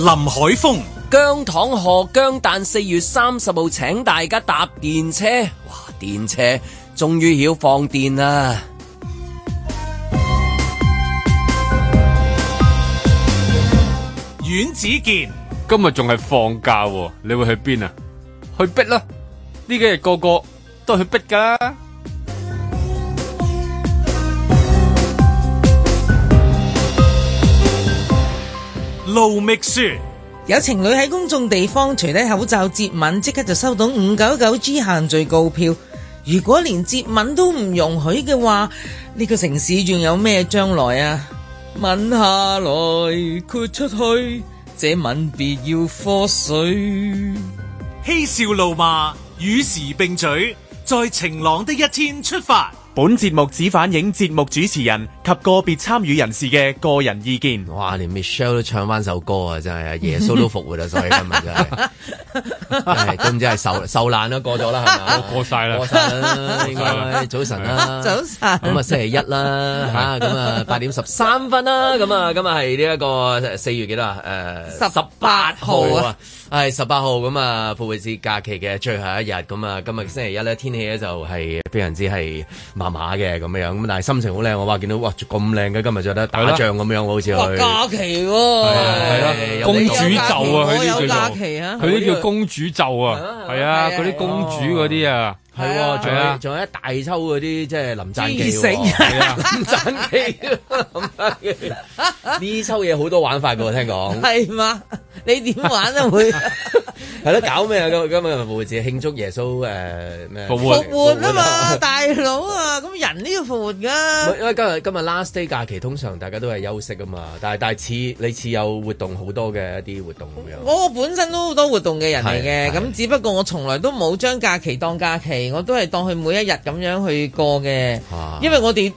林海峰、姜糖、賀姜誕，四月三十號請大家搭電車。哇，電車終於要放電啦！阮子健，今日仲係放假喎，你會去邊啊？去逼啦！呢幾日個個都去逼噶。盧覓雪，有情侶喺公眾地方除低口罩接吻，即刻就收到五九九 G 限聚告票。如果連接吻都唔容許嘅話，呢個城市仲有咩將來啊？吻下來豁出去，這吻別要潑水，嬉笑怒罵與時並舉，在晴朗的一天出發。本節目只反映節目主持人及個別參與人士嘅個人意見。哇，連 Michelle 都唱翻首歌啊！真係，耶穌都復活啦，所以今日真係，係今真係受受難啦，過咗啦，係嘛？過晒啦，過晒啦，應該早晨啦！早晨，咁啊，星期一啦，吓，咁啊，八點十三分啦，咁啊，今日係呢一個四月幾多啊？誒，十八號啊。係十八號咁啊，復活節假期嘅最後一日咁啊，今日星期一咧，天氣咧就係非常之係麻麻嘅咁樣，咁但係心情好靚。我話見到哇，咁靚嘅今日就得打仗咁樣，好似佢假期，係啊，公主袖啊，佢呢叫公主袖啊，係啊，嗰啲公主嗰啲啊，係仲有仲有一大抽嗰啲即係林贊記，係啊，林贊記，呢抽嘢好多玩法噶，聽講係嘛？你點玩啊？佢係咯，搞咩啊？ 今今日咪復活節慶祝耶穌誒咩復活啊嘛，大佬啊！咁 人都要復活噶、啊。因為今日今日 last day 假期，通常大家都係休息啊嘛。但係但係似你似有活動好多嘅一啲活動咁樣、嗯。我本身都好多活動嘅人嚟嘅，咁只不過我從來都冇將假期當假期，我都係當佢每一日咁樣去過嘅，啊、因為我哋。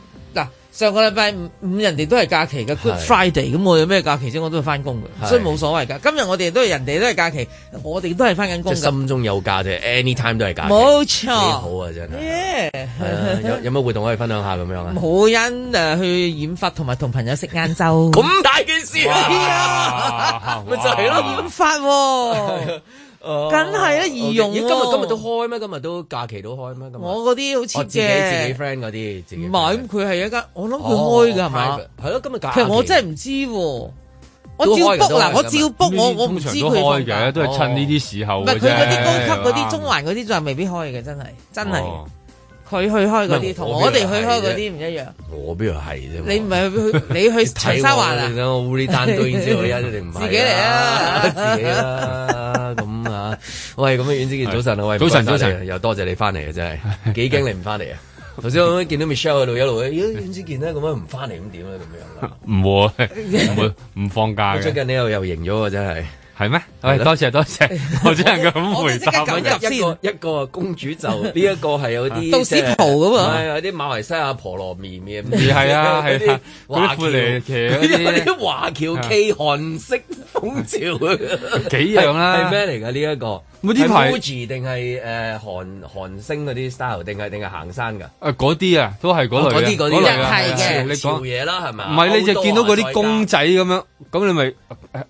上個禮拜五人哋都係假期嘅 Good Friday，咁是、嗯、我有咩假期先？我都係翻工嘅，所以冇所謂噶。今日我哋都係人哋都係假期，我哋都係翻緊工嘅。心中有假啫，anytime 都係假。冇錯，幾好啊！真係。係 Yeah 啊，有有咩活動可以分享下咁樣啊？冇 人誒去染髮，同埋同朋友食晏晝。咁大件事啊！咪 就係咯了，染髮喎。 梗係啦，易用咯。今日今日都開咩？今日都假期都開咩？我嗰啲好似嘅。自己 friend 嗰啲，唔係咁佢係一間，我諗佢開噶係咪？係咯，今日假。其實我真係唔知，我照 book 嗱，我照 book，我我唔知佢開嘅都係趁呢啲時候。唔係佢嗰啲高級嗰啲，中環嗰啲就未必開嘅，真係真係。佢去開嗰啲，同我哋去開嗰啲唔一樣。我邊度係啫？你唔係去，你去睇沙環啊？我呢單都已經知我一一定唔係啦，得自己啦。咁啊， 喂，咁啊，阮子健早晨啊，喂，早晨安早晨安， 又多謝你翻嚟啊，真係幾驚你唔翻嚟啊！頭先我見到 Michelle 喺度，一路不，如果阮子健咧咁樣唔翻嚟，咁點啊？咁樣唔會，唔會唔放假。最近你又又型咗啊！真係。係咩？係多謝多謝，我只能夠咁回答。一個一個公主就呢一個係有啲道士袍咁啊，係有啲馬來西亞婆羅米米？唔知係啊係啊，華僑旗嗰啲華僑旗韓式風潮啊，幾樣啦？係咩嚟㗎呢一個？冇啲牌子，定係誒韓韓星嗰啲 style，定係定係行山噶？誒，嗰啲啊，都係嗰類啊，一係嘅做嘢啦，係咪？唔係，你就見到嗰啲公仔咁樣，咁你咪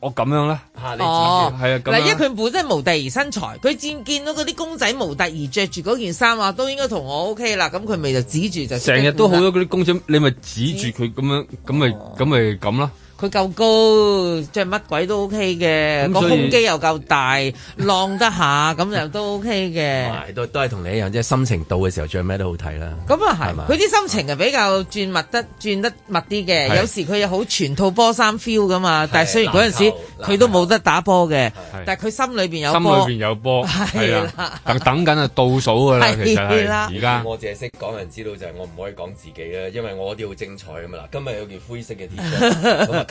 我咁樣咧？你指住，哦，係啊。嗱，因為佢本身係模特兒身材，佢見見到嗰啲公仔模特兒着住嗰件衫啊，都應該同我 OK 啦。咁佢咪就指住就成日都好多嗰啲公仔，你咪指住佢咁樣，咁咪咁咪咁啦。佢夠高，著乜鬼都 OK 嘅，個胸肌又夠大，浪得下咁又都 OK 嘅。係都都係同你一樣，即係心情到嘅時候著咩都好睇啦。咁啊係，佢啲心情係比較轉密得轉得密啲嘅，有時佢又好全套波衫 feel 噶嘛。但係雖然嗰陣時佢都冇得打波嘅，但係佢心裏邊有波。心裏邊有波係啦，等緊啊倒數㗎啦，其實係。而家我只係識講人知道就係我唔可以講自己啦，因為我啲好精彩㗎嘛。嗱，今日有件灰色嘅 T-shirt。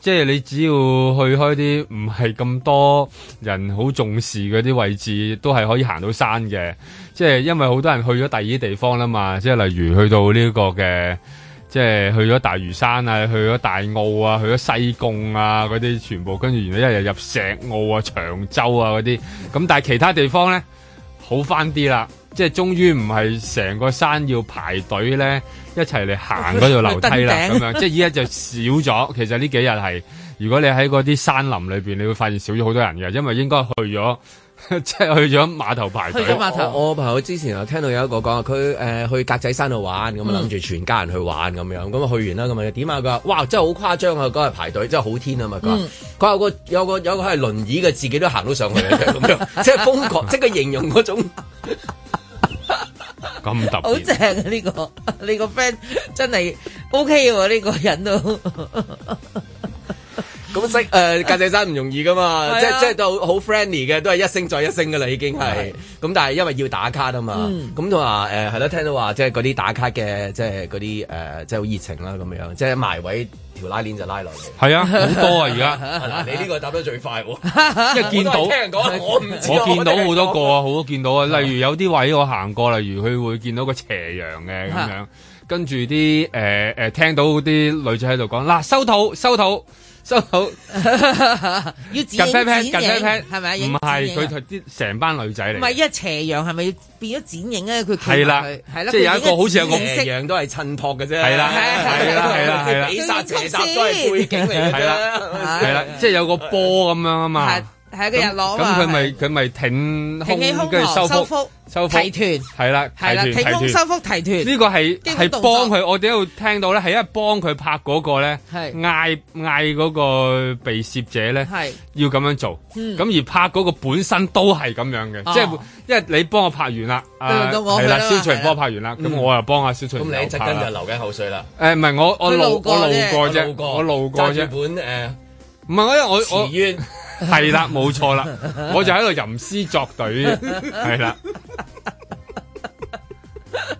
即係你只要去開啲唔係咁多人好重視嗰啲位置，都係可以行到山嘅。即係因為好多人去咗第二啲地方啦嘛，即係例如去到呢個嘅，即係去咗大嶼山啊，去咗大澳啊，去咗西貢啊嗰啲全部，跟住然後一日入石澳啊、長洲啊嗰啲。咁但係其他地方呢，好翻啲啦。即係終於唔係成個山要排隊咧，一齊嚟行嗰條樓梯啦，咁樣即係依家就少咗。其實呢幾日係，如果你喺嗰啲山林裏邊，你會發現少咗好多人嘅，因為應該去咗，即 係去咗碼頭排隊。去碼頭，我朋友之前啊聽到有一個講話，佢誒、呃、去格仔山度玩咁啊，諗住全家人去玩咁樣，咁啊去完啦咁啊點啊，佢話哇，真係好誇張啊嗰日排隊，真係好天啊嘛，佢佢有個有個有個係輪椅嘅，自己都行到上去咁樣，即係瘋狂，即係形容嗰種。 咁特別，好正啊！呢個你個 friend 真係 OK 喎，呢個人都。咁識誒，格仔山唔容易噶嘛，啊、即係即係都好 friendly 嘅，都係一聲再一聲噶啦，已經係。咁的但係因為要打卡啊嘛，咁同話誒係咯，聽到話即係嗰啲打卡嘅，即係嗰啲誒，即係好熱情啦咁樣，即係埋位條拉鏈就拉落嚟。係啊，好多啊而家。嗱、 啊，你呢個答得最快，啊，即係 見到聽人講，我唔見到好多個，好多 見到啊。例如有啲位我行過，例如佢會見到個斜陽嘅咁樣， 跟住啲誒誒聽到啲女仔喺度講嗱，收肚收肚。收肚收肚都好，要剪剪影，係咪？唔係佢啲成班女仔嚟。唔係，因為斜陽係咪要變咗剪影咧？佢係啦，係啦，即係有一個好似個斜陽都係襯托嘅啫。係啦，係啦，係啦，係啦，比煞斜煞都係背景嚟嘅啫。係啦，即係有個波咁樣啊嘛。係嘅日落，咁佢咪佢咪挺胸，跟住收腹、收腹，提臀，係啦，係啦，挺胸收腹提臀呢個係係幫佢，我哋喺度聽到咧，係因為幫佢拍嗰個咧，嗌嗌嗰個被攝者咧，係要咁樣做。咁而拍嗰個本身都係咁樣嘅，即係因為你幫我拍完啦，係啦，肖翠幫我拍完啦，咁我又幫阿肖翠。咁你即跟就流緊口水啦？誒，唔係我我路我路過啫，我路過啫。本誒，唔係我因為我我。係啦，冇錯啦，我就喺度吟詩作對，係啦 的。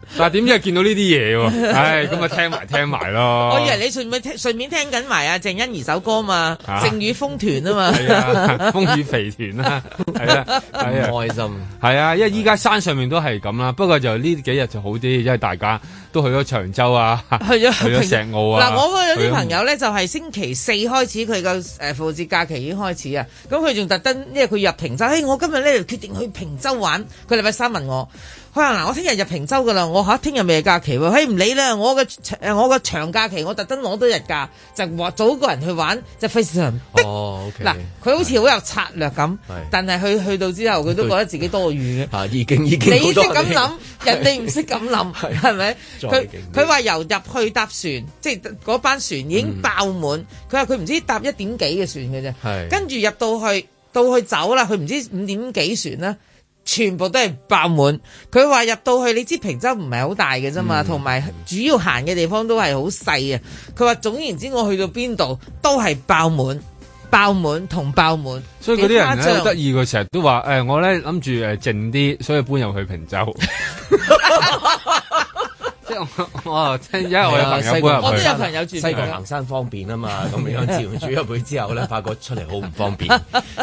但係點解見到呢啲嘢喎？唉、哎，咁啊，聽埋聽埋咯。 我以為你順便聽順便聽緊埋阿鄭欣宜首歌嘛，晴雨、啊、風團啊嘛，風雨肥團啦，係啊係啊，開心係啊，因為依家山上面都係咁啦。不過就呢幾日就好啲，因為大家都去咗長洲啊，啊去咗去咗石澳啊。嗱，啊，我有啲朋友咧就係、是、星期四開始，佢個誒父子假期已經開始啊。咁佢仲特登，因為佢入坪洲，嘿，我今日咧決定去坪洲玩。佢禮拜三問我。佢話：嗱，我聽日入平洲噶啦，我嚇聽日咪係假期喎，嘿，唔理啦，我嘅誒我嘅長假期，我特登攞到日假，就話早一個人去玩，就費事。哦，OK。嗱，佢好似好有策略咁，但係去去到之後，佢都覺得自己多餘嘅，已經已經好多人。你識咁諗，人哋唔識咁諗，係咪？佢佢話由入去搭船，即係嗰班船已經爆滿。佢話佢唔知搭一點幾嘅船嘅啫，跟住入到去，到去走啦，佢唔知五點幾船啦。全部都係爆滿，佢話入到去，你知坪洲唔係好大嘅啫嘛，同埋、嗯、主要行嘅地方都係好細啊。佢話總言之，我去到邊度都係爆滿、爆滿同爆滿。所以嗰啲人咧好得意，佢成日都話：誒、欸，我咧諗住誒靜啲，所以搬入去坪洲。即係我，因為我有朋友搬入去，我有朋友住， 西個行山方便啊嘛。咁 樣住入去之後咧，發覺出嚟，好唔方便，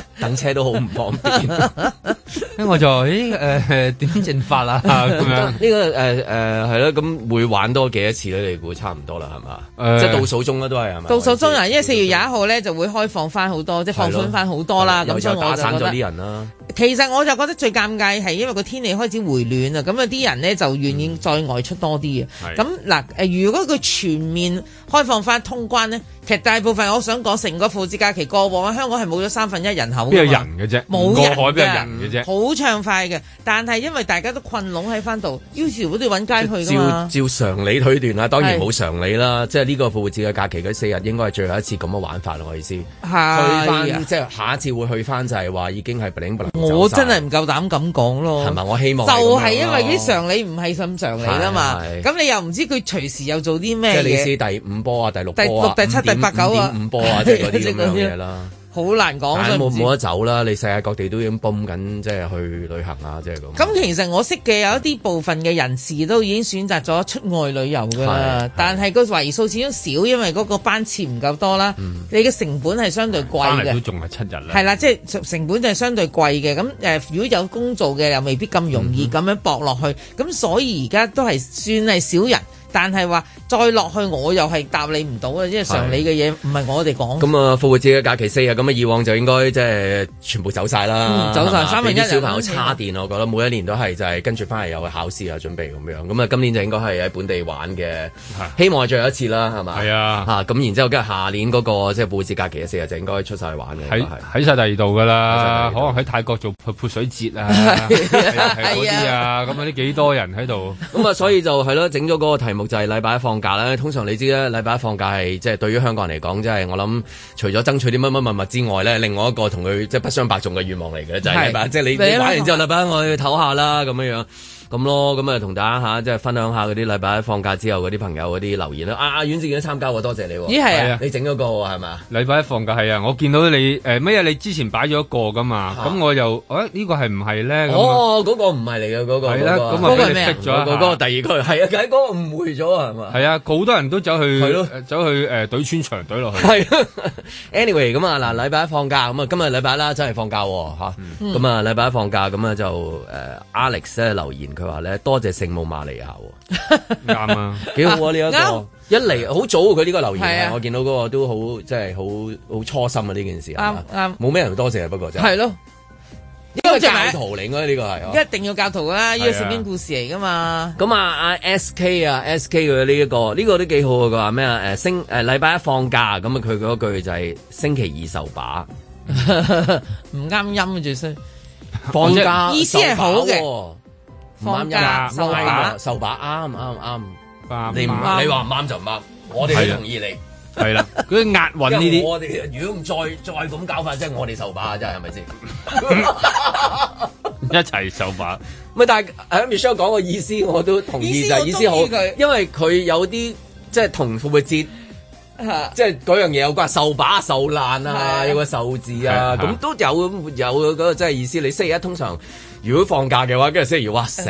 等車都好唔方便。 我就，誒、哎，誒、呃，點正法啊？咁樣呢、 這個，誒、呃，誒、呃，係咯，咁會玩多幾多次咧？你估差唔多啦，係嘛、哎？即係倒數中啦，都係，係咪？倒數中啊，因為四月廿一號咧就會開放翻好多，即係放寬翻好多啦。咁的、嗯、就打散咗啲人啦、啊。其實我就覺得最尷尬係因為個天氣開始回暖啊，咁啊啲人咧就願意再外出多啲啊。咁嗱、嗯，誒，如果佢全面。開放翻通關呢，其實大部分我想講，成個復活假期過往，香港係冇咗三分一人口。邊有人嘅啫？冇海邊有人嘅啫。好暢快嘅，但係因為大家都困籠喺翻度，是要是嗰啲揾街去㗎嘛。照，照常理推斷啦，當然冇常理啦。是即係呢個復活嘅假期嗰四日，應該係最後一次咁嘅玩法咯。我意思、啊、去翻，即係下一次會去翻就係、是、話已經係 bling bling 我真係唔夠膽咁講咯。係咪？我希望就係因為啲常理唔係咁常理啦嘛。咁你又唔知佢隨時又做啲咩嘢？第五。波啊，第六波第六第七第八九啊，五波啊，即係嗰啲咁樣嘢啦，好難講。冇冇得走啦，你世界各地都已經泵緊，即係去旅行啊，即係咁。咁其實我識嘅有一啲部分嘅人士都已經選擇咗出外旅遊噶，但係個位數始終少，因為嗰個班次唔夠多啦。你嘅成本係相對貴嘅，仲係七日啦。係啦，即係成成本就係相對貴嘅。咁誒，如果有工做嘅又未必咁容易咁樣搏落去。咁所以而家都係算係少人。但係話再落去，我又係答你唔到啊！即係常理嘅嘢，唔係我哋講。咁啊，復活節嘅假期四日，咁啊以往就應該即係全部走晒啦，走晒三分一，小朋友差電，我覺得每一年都係就係跟住翻嚟有考試啊，準備咁樣。咁啊，今年就應該係喺本地玩嘅，希望係最後一次啦，係嘛？係啊，咁然之後，跟住下年嗰個即係復活節假期嘅四日，就應該出晒去玩嘅，喺晒第二度噶啦，可能喺泰國做潑水節啊，係嗰啲啊，咁啊啲幾多人喺度？咁啊，所以就係咯，整咗嗰個題目。就係禮拜一放假啦。通常你知啦，禮拜一放假係即係對於香港人嚟講，即係我諗除咗爭取啲乜乜物物之外咧，另外一個同佢即係不相伯仲嘅願望嚟嘅就係禮拜，即係你你玩完之後禮拜一我去唞下啦咁樣樣。咁咯，咁啊同大家吓，即係分享下嗰啲禮拜一放假之後嗰啲朋友嗰啲留言啦。啊，阿阮志遠都參加喎，多謝你、啊。咦係，啊、你整咗個係嘛？禮拜一放假係啊，我見到你誒乜嘢？你之前擺咗一個噶嘛？咁、啊、我又誒、啊這個、呢個係唔係咧？哦，嗰樣、哦那個唔係嚟嘅嗰個。係啦，咁我俾你識咗。嗰個第二句係啊，解嗰個誤會咗 啊，係嘛？係啊，好多人都走去 走去誒，隊穿長隊落去。係，anyway 咁啊，嗱、 anyway,，禮拜一放假，咁啊今日禮拜一啦，真係放假吓。咁啊禮拜一放假，咁啊就誒 Alex 留言。佢話咧，多謝聖母瑪利亞，啱啊，幾好啊，呢一個一嚟好早佢、啊、呢個留言啊，我見到嗰個都好即係好好初心啊呢件事，啱啱冇咩人多謝啊，不過就係咯，啊、因為教徒嚟噶，呢個係一定要教徒啦、啊，呢個聖經故事嚟噶嘛。咁啊阿 S K 啊 S K 佢呢一個呢、這個都幾好啊，佢話咩啊，誒，星，誒禮拜一放假，咁啊佢嗰句就係星期二受把，唔啱音啊，最衰放假，意思係好嘅。啱呀，收下，收把，啱啱啱，你唔你話唔啱就唔啱，我哋係同意你，係啦，嗰啲押韻呢啲，我哋如果唔再再咁搞法，即係我哋收把真係係咪先？一齊收把。唔係，但係阿 Michelle 講個意思，我都同意就意思好，因為佢有啲即係同復活節，即係嗰樣嘢有關，收把手爛啊，有個壽字啊，咁都有有嗰個即係意思。你星期一通常。如果放假嘅話，跟住星期二哇，死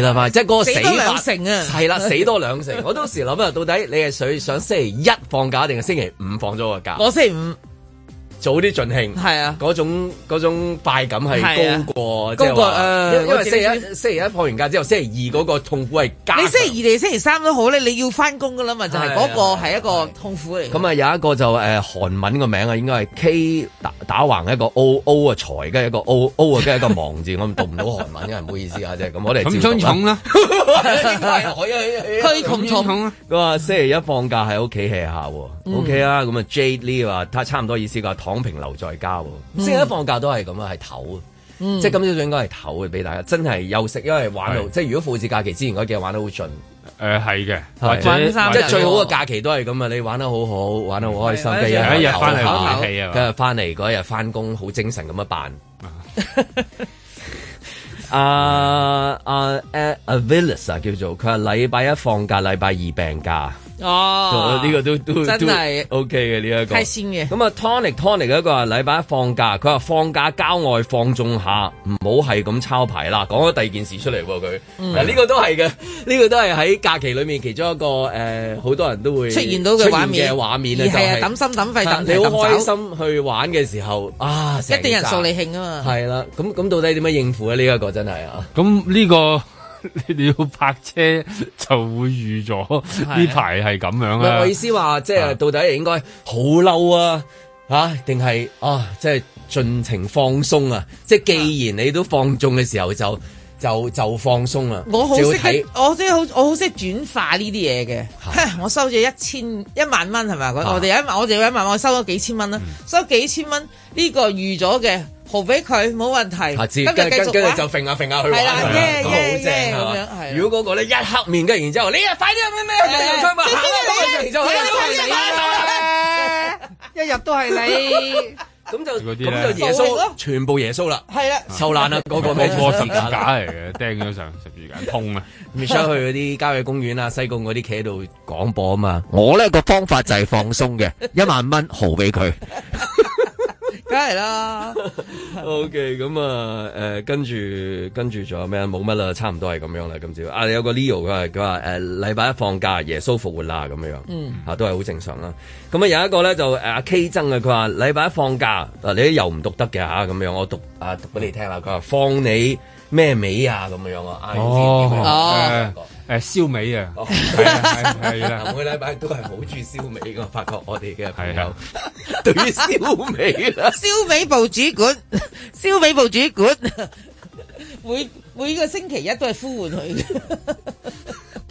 啦嘛，呃、即係嗰個死法啊，係啦，死多兩成。 我當時諗啊，到底你係想上星期一放假定係星期五放咗個假？我星期五。早啲盡興，係啊！嗰種嗰種快感係高過，即係因為星期一星期一放完假之後，星期二嗰個痛苦係高。你星期二定星期三都好咧，你要翻工噶啦嘛，就係嗰個係一個痛苦嚟。咁啊，有一個就誒韓文個名啊，應該係 K 打打橫一個 O O 啊財，跟一個 O O 啊跟一個忙字，我讀唔到韓文嘅，唔好意思即啫。咁我哋啦，佢話星期一放假喺屋企 hea 下 OK 啊。咁啊 Jade Lee 話差唔多意思話講平留在家，星期一放假都係咁樣，係唞，嗯、即係今朝早應該係唞嘅，俾大家真係休息，因為玩到的即係如果父子假期之前嗰幾日玩得好盡，誒係嘅，中即係中即最好嘅假期都係咁啊，你玩得好好，玩得好開心，跟住一日翻嚟唞跟住翻嚟嗰日翻工好精神咁樣辦。阿阿阿 Aviles 啊， uh, uh, 叫做佢係禮拜一放假，禮拜二病假。哦，呢、oh, 這個這個都都真係 OK 嘅呢、嗯、一個。太鮮嘅。咁啊，Tony Tony 嗰個啊，禮拜一放假，佢話放假郊外放縱下，唔好係咁抄牌啦。講咗第二件事出嚟喎，佢。嗱呢、嗯、個都係嘅，呢、這個都係喺假期裏面其中一個誒，好、呃、多人都會出現到出現嘅畫面、就是、啊，就係抌心抌肺等你好開心去玩嘅時候啊，一定人掃你興啊嘛。係啦，咁咁到底點樣應付啊？呢、這、一個真係啊。咁呢個。 你哋要泊車就會預咗呢排係咁樣嘅、啊。唔係我，我意思話，即、就、係、是、到底係應該好嬲啊？吓定係啊？即係盡情放鬆啊！即係既然你都放縱嘅時候就，就就就放鬆啦、啊。我好識，我即係好， 我好識轉化呢啲嘢嘅。我收咗一千一萬蚊係咪？我我哋一萬，我哋一萬，我收咗幾千蚊啦，嗯、收幾千蚊呢、這個預咗嘅。豪俾佢冇問題，跟日繼就揈下揈下去玩，咁好正咁樣。如果嗰個咧一黑面，跟然之後，你啊快啲咩咩咩，最衰係嗰個，然之後係你，一日都係你。咁就咁就耶穌全部耶穌啦，係啦，受難啦，嗰個都十指甲嚟嘅，釘咗上十指甲痛啊。m i 去嗰啲郊野公園啊、西貢嗰啲企喺度廣播啊嘛。我呢個方法就係放鬆嘅，一萬蚊豪俾佢。梗係啦，OK，咁啊，誒、呃，跟住跟住仲有咩？冇乜啦，差唔多係咁樣啦，今朝啊，有個 Leo 佢話佢話，誒、呃，禮拜一放假，耶穌復活啦，咁樣，嗯，嚇、啊、都係好正常啦。咁啊，有一個咧就誒阿 K 曾啊，佢話禮拜一放假，啊，你又唔讀得嘅嚇，咁、啊、樣，我讀啊讀俾你聽啦，佢話放你咩尾啊，咁樣啊。哦啊啊誒，燒味、欸、啊，係啊係啊，每個禮拜都係好住燒味嘅， 發覺我哋嘅朋友對於燒味啦，燒味部主管，燒味部主管，每每個星期一都係呼喚佢。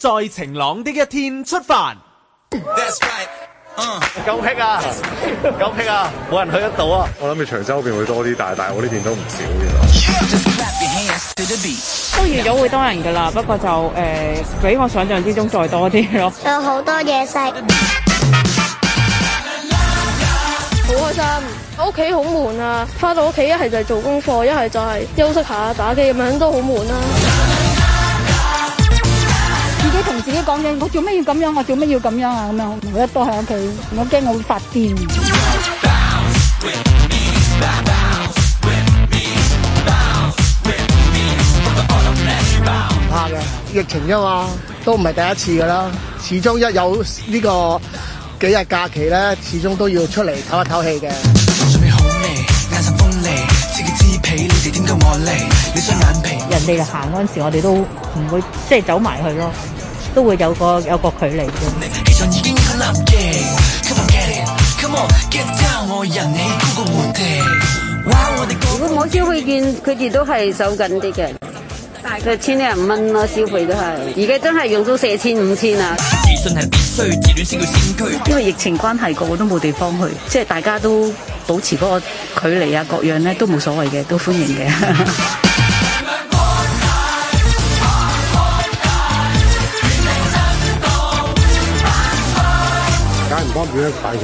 在晴朗的一天出發。嗯，夠僻啊，夠僻 啊，冇人去得到啊。我諗住長洲嗰邊會多啲，但係大澳我呢邊都唔少嘅。 都預咗會多人噶啦，不過就誒、呃，比我想象之中再多啲咯。有好多嘢食，好 開心。屋企好悶啊，翻到屋企一係就係做功課，一係就係休息下打機咁樣都好悶啊。 佢同 自己講嘢，我做咩要咁樣？我做咩要咁樣啊？咁樣我一多喺屋企，我驚我會發癲。唔怕嘅，怕疫情啫嘛，都唔係第一次㗎喇。始終一有呢個幾日假期咧，始終都要出嚟唞一唞氣嘅。哦、人哋就行嗰陣時，我哋都唔會即係走埋去咯。都會有個有個距離嘅。 如果冇消費券佢哋都係手緊啲嘅，大概千零五蚊咯，消費都係。而家真係用到四千五千啊！自信係必須，自戀先叫先驅。 因為疫情關係，個個都冇地方去，即係大家都保持嗰個距離啊，各樣咧都冇所謂嘅，都歡迎嘅。 林海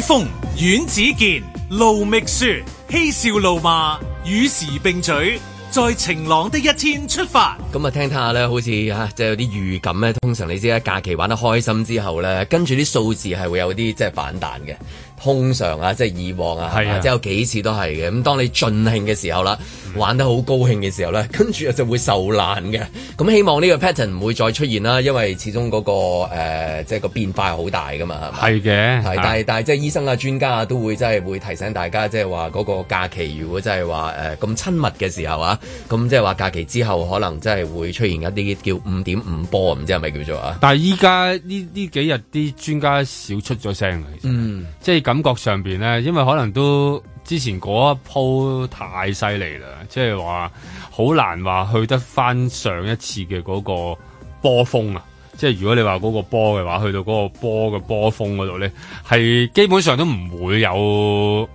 峰、阮子健。盧覓雪嬉笑怒罵與時並舉，在晴朗的一天出發。咁啊，聽聽下咧，好似啊，即係有啲預感咧。通常你知啦，假期玩得開心之後咧，跟住啲數字係會有啲即係反彈嘅。通常啊，即係以往啊，即係，係啊，有幾次都係嘅。咁當你盡興嘅時候啦。啊玩得好高興嘅時候咧，跟住就會受難嘅。咁希望呢個 pattern 唔會再出現啦，因為始終嗰個誒即係個變化係好大噶嘛。係嘅，係。但係但係即係醫生啊、專家啊都會真係會提醒大家，即係話嗰個假期如果真係話誒咁親密嘅時候啊，咁即係話假期之後可能真係會出現一啲叫五點五波，唔知係咪叫做啊？但係依家呢呢幾日啲專家少出咗聲了，嗯，即係感覺上邊咧，因為可能都。之前嗰一鋪太犀利啦，即係話好難話去得翻上一次嘅嗰個波峰啊！即係如果你話嗰個波嘅話，去到嗰個波嘅波峰嗰度咧，係基本上都唔會有，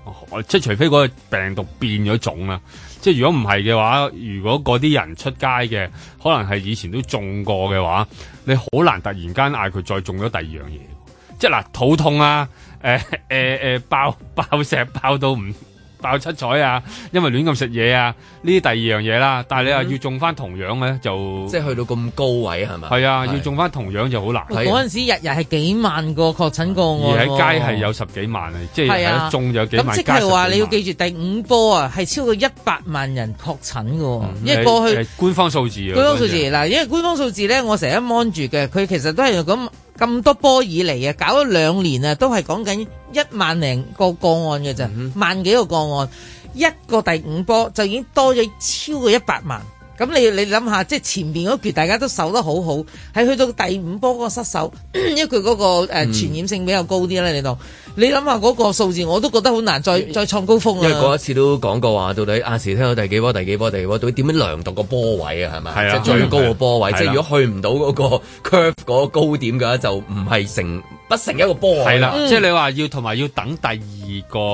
即係除非嗰個病毒變咗種啦。即係如果唔係嘅話，如果嗰啲人出街嘅，可能係以前都中過嘅話，你好難突然間嗌佢再中咗第二樣嘢。即係嗱，肚痛啊！誒誒誒爆爆石爆到唔爆七彩啊！因為亂咁食嘢啊，呢啲第二樣嘢啦。但係你又要種翻同樣咧，就即係去到咁高位係咪？係啊，要種翻同樣就好難。嗰陣時日日係幾萬個確診個案，啊、而喺街係有十幾萬啊，即係種咗幾萬。即係話你要記住第五波啊，係超過一百萬人確診噶，嗯、因為過去官方數字，官方數字嗱，時因為官方數字咧，我成日掹住嘅，佢其實都係咁。咁多波以嚟啊，搞咗兩年啊，都係講緊一萬零個個案嘅咋，萬幾個個案，一個第五波就已經多咗超過一百萬。咁你你諗下，即係前面嗰橛大家都守得好好，喺去到第五波嗰個失守，因為佢、那、嗰個誒傳、呃、染性比較高啲咧，你度。你諗下嗰個數字，我都覺得好難再因為再創高峰。因為嗰一次都講過話，到底亞視、啊、聽到第幾波、第幾波、第幾波，到底點樣量度個波位啊？係咪？係啊，最高嘅波位，即係如果去唔到嗰個 curve 高點嘅話，就唔係成不成一個波位。係啦、啊嗯啊，即係你話要同埋要等第二個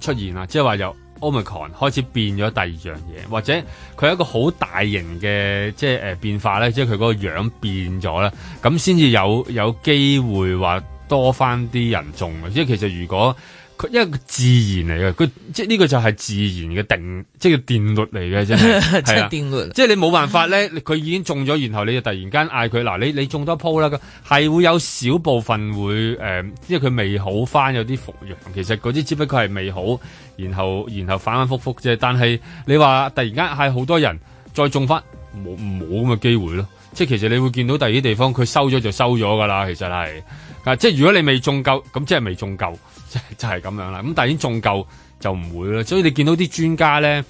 出現啊，即係話有。Omicron 開始變咗第二樣嘢，或者佢係一個好大型嘅即係誒、呃、變化咧，即係佢嗰個樣變咗咧，咁先至有有機會話多翻啲人種啊！即係其實如果。佢因為自然嚟嘅，佢即係呢、這個就係自然嘅定，即係、 啊、定律嚟嘅，啫。係係啊定律。即係你冇辦法咧，佢已經中咗，然後你就突然間嗌佢嗱，你你中多鋪啦，係會有少部分會誒、呃，因為佢未好翻，有啲復陽，其實嗰啲只,只不過係未好，然後然後反反复覆啫。但係你話突然間嗌好多人再中翻，冇冇咁嘅機會咯？即係其實你會見到第二啲地方，佢收咗就收咗噶啦。其實係啊，即係如果你未中夠，咁即係未中夠。就就係咁樣啦，咁但係已經仲夠就唔會啦，所以你見到啲專家咧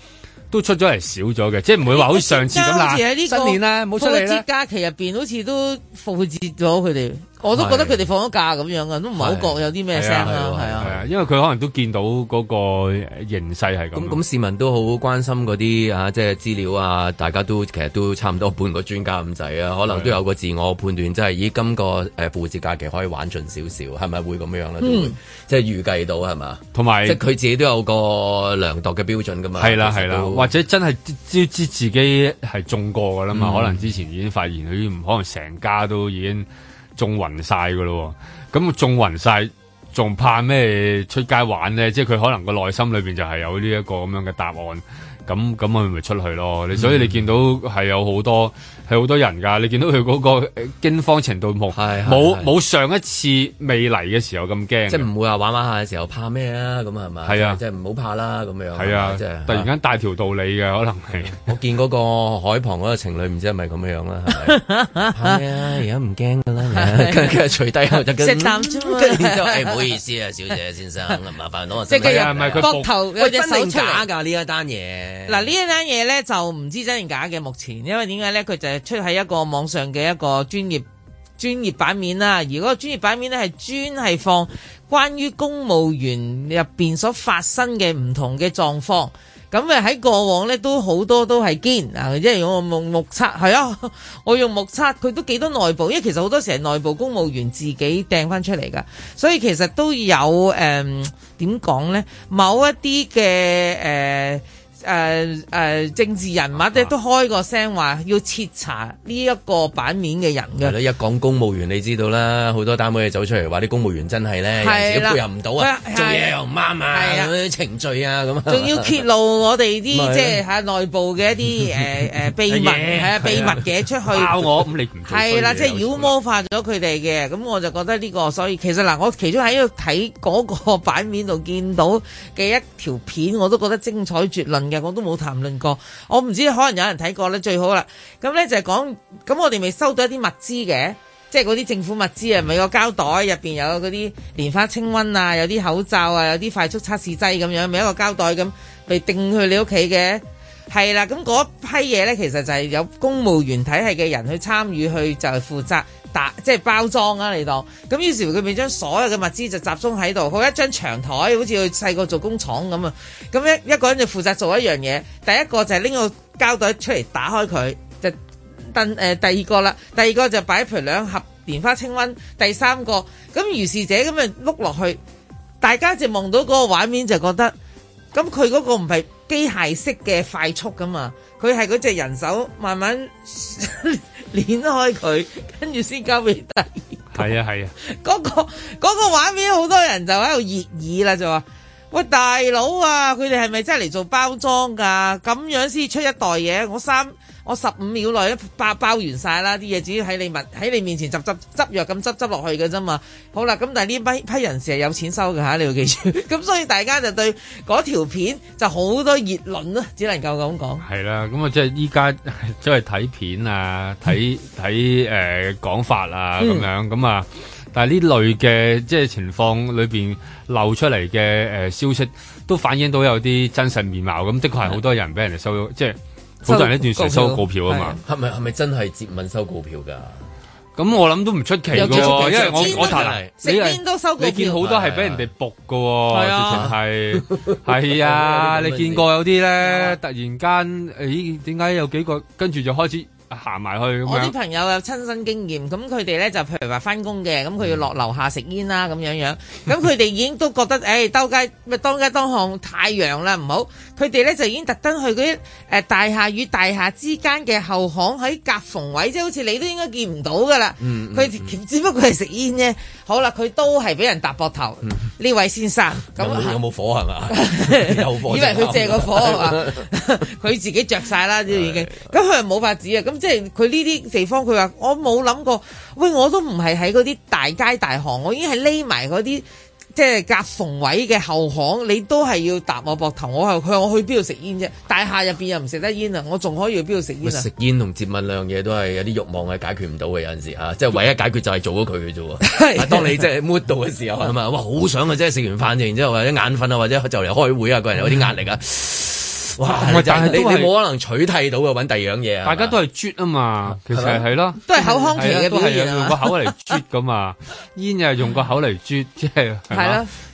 都出咗嚟少咗嘅，即係唔會話好似上次咁啦。新年咧，冇出嚟啦。節假期入邊，好似都復活咗佢哋。我都覺得佢哋放咗假咁樣啊，都唔係好覺有啲咩聲啦，係啊，因為佢可能都見到嗰個形勢係咁。咁市民都好關心嗰啲啊，即係資料啊，大家都其實都差唔多半個專家咁滯啊，可能都有個自我判斷，即係咦，今個復活節假期可以玩盡少少，係咪會咁樣咧？即係預計到係嘛？同埋即係佢自己都有個量度嘅標準噶嘛？係啦，係啦，或者真係知知自己係中過嘅啦嘛？可能之前已經發現佢唔可能成家都已經。中暈晒噶咯，咁中暈晒仲怕咩出街玩咧？即係佢可能個內心裏邊就係有呢一個咁樣嘅答案，咁咁佢咪出去咯。你、嗯、所以你見到係有好多。係好多人噶，你見到佢嗰個驚慌程度，冇冇冇上一次未嚟嘅時候咁驚，即係唔會話玩玩下嘅時候怕咩啊咁係嘛？係啊，即係唔好怕啦咁樣，係啊，即係突然間大條道理嘅可能係，我見嗰個海旁嗰個情侶唔知係咪咁樣啦，係啊，而家唔驚噶啦，而家隨低後就跟，石唔好意思啊，小姐先生，麻煩即係佢又唔係佢膊頭佢真定假噶呢一單嘢，嗱呢一單嘢咧就唔知真定假嘅目前，因為點解咧佢就。出喺一個網上嘅一個專業專業版面啦，如果個專業版面呢係專係放關於公務員入邊所發生嘅唔同嘅狀況。咁啊喺過往呢都好多都係堅啊，即係我目目測係啊，我用目測佢都幾多內部，因為其實好多時係內部公務員自己掟翻出嚟噶，所以其實都有誒點講呢，某一啲嘅誒。呃誒誒、呃呃、政治人物、啊、都開個聲話要徹查呢一個版面嘅人㗎。係啦，一講公務員，你知道啦，好多單位走出嚟話啲公務員真係咧，的自己配合唔到啊，做嘢又唔啱啊，啲程序啊咁。仲要揭露我哋啲的即係喺內部嘅一啲誒誒秘密係秘密嘅出去。我咁係啦，即係妖魔化咗佢哋嘅咁， 我就覺得呢、這個所以其實嗱、呃，我其中喺度睇嗰個版面度見到嘅一條片，我都覺得精彩絕倫。嘅我都冇談論過，我唔知可能有人睇過咧，最好啦。咁呢就係講，咁我哋未收到一啲物資嘅，即係嗰啲政府物資啊，咪個膠袋入邊有嗰啲蓮花清瘟啊，有啲口罩啊，有啲快速測試劑咁樣，咪一個膠袋咁，被掟去你屋企嘅，係啦。咁嗰批嘢呢，其實就係有公務員體系嘅人去參與去，就係負責。即係包裝啊，你當咁，於是佢咪將所有嘅物資就集中喺度，好，一張長台，好似佢細個做工廠咁啊！咁一一個人就負責做一樣嘢，第一個就拎個膠袋出嚟打開佢，就第二個啦，第二個就擺一盤兩盒蓮花清瘟，第三個咁，如是者咁樣碌落去，大家就望到嗰個畫面就覺得，咁佢嗰個唔係機械式嘅快速㗎嘛，佢係嗰隻人手慢慢。 捻開佢，跟住先交俾第係啊係啊，嗰、啊 嗰個嗰、嗰個畫面好多人就喺度熱議啦，就話喂大佬啊，佢哋係咪真係嚟做包裝㗎？咁樣先出一袋嘢，我三。我十五秒內一包包完晒啦！啲嘢只要喺你物喺你面前執執執藥咁執執落去嘅啫嘛。好啦，咁但係呢批批人士係有錢收嘅嚇，你要記住。咁 所以大家就對嗰條片就好多熱論咯，只能夠咁講。係啦，咁啊即係依家都係睇片啊，睇睇誒講法啊咁樣咁、嗯、啊。但係呢類嘅即係情況裏邊漏出嚟嘅誒消息，都反映到有啲真實面貌。咁的確係好多人俾人哋收到。的即係。好多人一段時收告票啊嘛，係咪係咪真係接吻收告票噶？咁我諗都唔出奇噶，因為我我睇，成邊都收告票，你見好多係俾人哋 book 噶，之前係係啊！你見過有啲咧，突然間誒，點解有幾個跟住就開始？行埋去 IS，我啲朋友有親身經驗，咁佢哋咧就譬如話翻工嘅，咁佢要落樓下食煙啦咁樣樣，咁佢哋已經都覺得，誒，兜街當街當巷太陽啦唔好，佢哋咧就已經特登去嗰啲誒大廈與大廈之間嘅後巷喺夾縫位，即係好似你都應該見唔到噶啦，佢只不過係食煙啫，好啦，佢都係俾人搭膊頭，呢位先生咁有冇火係嘛？以為佢借個火佢自己着晒啦已經，咁佢又冇法子啊，咁。即係佢呢啲地方，佢話我冇諗過，喂，我都唔係喺嗰啲大街大巷，我已經係匿埋嗰啲即係夾縫位嘅後巷，你都係要搭我膊頭，我係佢話我去邊度食煙啫？大廈入邊又唔食得煙啊，我仲可以去邊度食煙啊？食煙同接吻兩樣嘢都係有啲欲望係解決唔到嘅，有陣時吓，即係唯一解決就係做咗佢嘅啫。 當你即係 mood 到嘅時候，係嘛 哇，好想啊！即係食完飯就，然之後或者眼瞓啊，或者就嚟開會啊，個人有啲壓力啊。哇！但係是你是你冇可能取替到嘅，揾第二樣嘢啊！大家都係啜啊嘛，其實係咯，都係口腔期嘅，都係用個口嚟啜㗎嘛， 煙又係用個口嚟啜，即係係咯。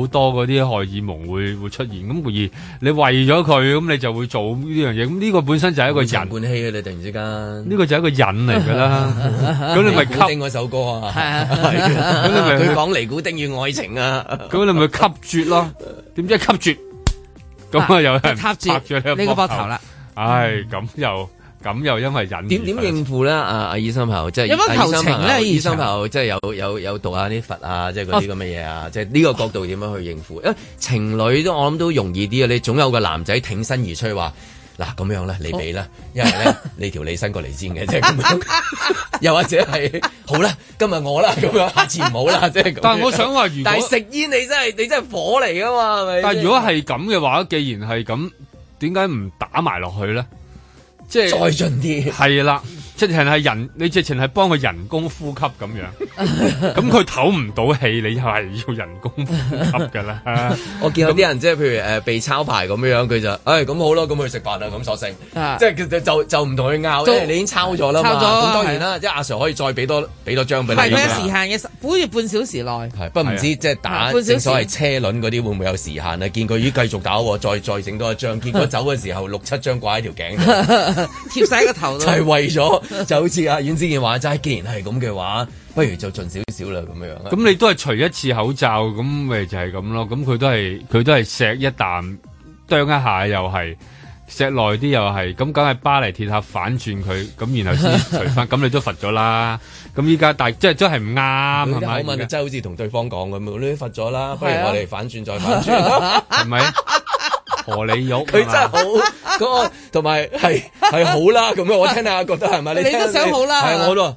好多嗰啲荷爾蒙會會出現，咁而你為咗佢，咁你就會做呢樣嘢，咁呢個本身就係一個人。換氣啊！你突然之間，呢個就係一個癮嚟㗎啦。咁你咪吸嗰首歌啊？係啊，咁你咪佢講尼古丁與愛情啊？咁你咪吸絕咯？點知吸絕咁啊？又插住呢個膊頭啦？唉，咁又。咁又因為忍點點應付咧？啊，阿醫生朋友即係有冇求情咧？醫生朋友即係有有有讀下啲佛啊，即係嗰啲咁嘅嘢啊！即係呢個角度點樣去應付？誒，情侶都我諗都容易啲啊！你總有個男仔挺身而出話：嗱，咁樣咧，你俾啦，因為咧你條脷伸過嚟先嘅啫，即係。又或者係好啦，今日我啦咁樣，下次唔好啦，即係咁。但係我想話，但係食煙你真係你真係火嚟噶嘛？係咪？但係如果係咁嘅話，既然係咁，點解唔打埋落去咧？即係這再進啲，係啦、嗯。直情係人，你直情係幫佢人工呼吸咁樣，咁佢唞唔到氣，你又係要人工呼吸噶啦。 我見到啲人即係那譬如誒被抄牌咁樣，佢就誒咁、哎、好咯，咁去食飯啊，咁索性，即係佢就就唔同佢拗，即為做、欸、你已經抄咗啦，咁當然啦，是啊、即係阿 sir 可以再俾多俾多張俾你咁樣。係咪時限嘅？補住半小時內。係是、啊，是啊、會不唔知即係打啲所謂車輪嗰啲會唔會有時限啊？見佢已經繼續打再再整多一張，結果走嘅時候六七張掛喺條頸，貼晒個頭。 就係為咗。就好似阿阮志健話齋，既然係咁嘅話，不如就盡少少啦咁樣。咁 你都係除一次口罩，咁咪就係咁咯。咁佢都係佢都係錫一啖，啄一下又係錫耐啲又係，咁梗係巴黎鐵塔反轉佢，咁然後先除翻。咁 你都罰咗啦。咁依家但，即係真係唔啱，係咪？即係好似同對方講咁，咁你都罰咗啦，不如我哋反轉再反轉，係咪？ 和你喐，佢 真係好嗰同埋係，係好啦，咁樣，我聽下覺得係咪你？你都想好啦，係，我都。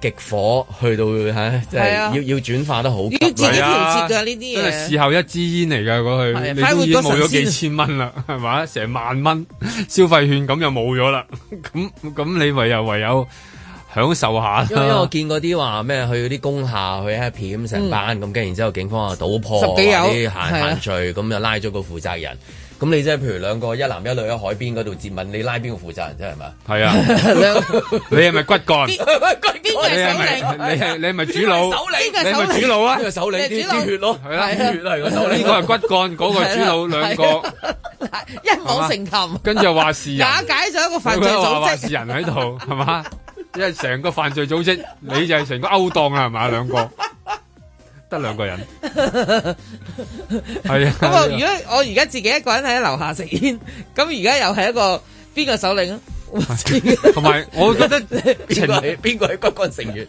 極火去到吓，要要轉化得好急，調節噶呢啲嘢，事後一支煙嚟噶過去，你都已經冇咗幾千蚊啦，係嘛？成萬蚊消費券咁又冇咗啦，咁咁你唯又唯有享受下啦。因為我見嗰啲話咩去嗰啲工廈，去 happy 咁成班咁，跟然之後警方啊搗破啲行行罪，咁就拉咗個負責人。咁你即係譬如兩個一男一女喺海邊嗰度接吻，你拉邊個負責人啫係嘛？係啊，你係咪骨幹？骨邊？你係咪？你係你係咪主腦？邊個首領？你係主腦啊？邊個首領？啲血咯，係啦，啲血係嗰首領。呢個係骨幹，嗰個係主腦，兩個一網成擒。跟住話事人，假解咗一個犯罪組織，話事人喺度係嘛？因為成個犯罪組織，你就係成個勾當啊，係嘛？兩個。得兩個人，係啊！咁啊，如果我而家自己一個人喺樓下食煙，咁而家又係一個邊個首領啊？同埋， 我覺得情理邊個係骨幹成員，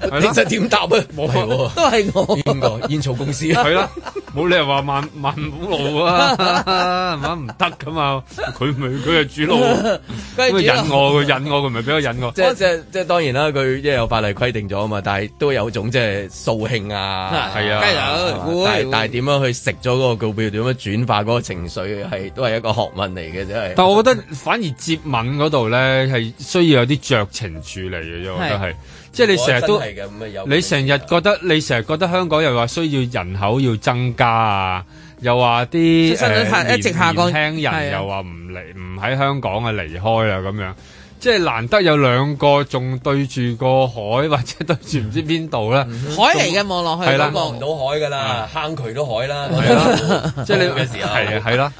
其實點答啊？冇都係我邊個煙草公司係啦，冇理由話萬萬古路啊，係 嘛動、啊？唔得噶嘛，佢咪佢係主腦，咁引我佢引我，佢唔係俾我引我 即即即，即當然啦，佢因為有法例規定咗啊嘛，但係都有種即掃興啊，係 啊，梗係有。但係點樣去食咗嗰個告票，點樣轉化嗰個情緒，係都係一個學問嚟嘅，啫係。 但係我覺得反而接吻。嗰度咧係需要有啲酌情處理嘅，因為都係，即係你成日都你成日覺得你成日覺得香港又話需要人口要增加啊，又話啲誒年輕人又話唔嚟唔喺香港啊離開啊咁樣，即係難得有兩個仲對住個海或者對住唔知邊度啦，海嚟嘅望落去都望唔到海噶啦，坑渠都海啦，即係你係啊係啦，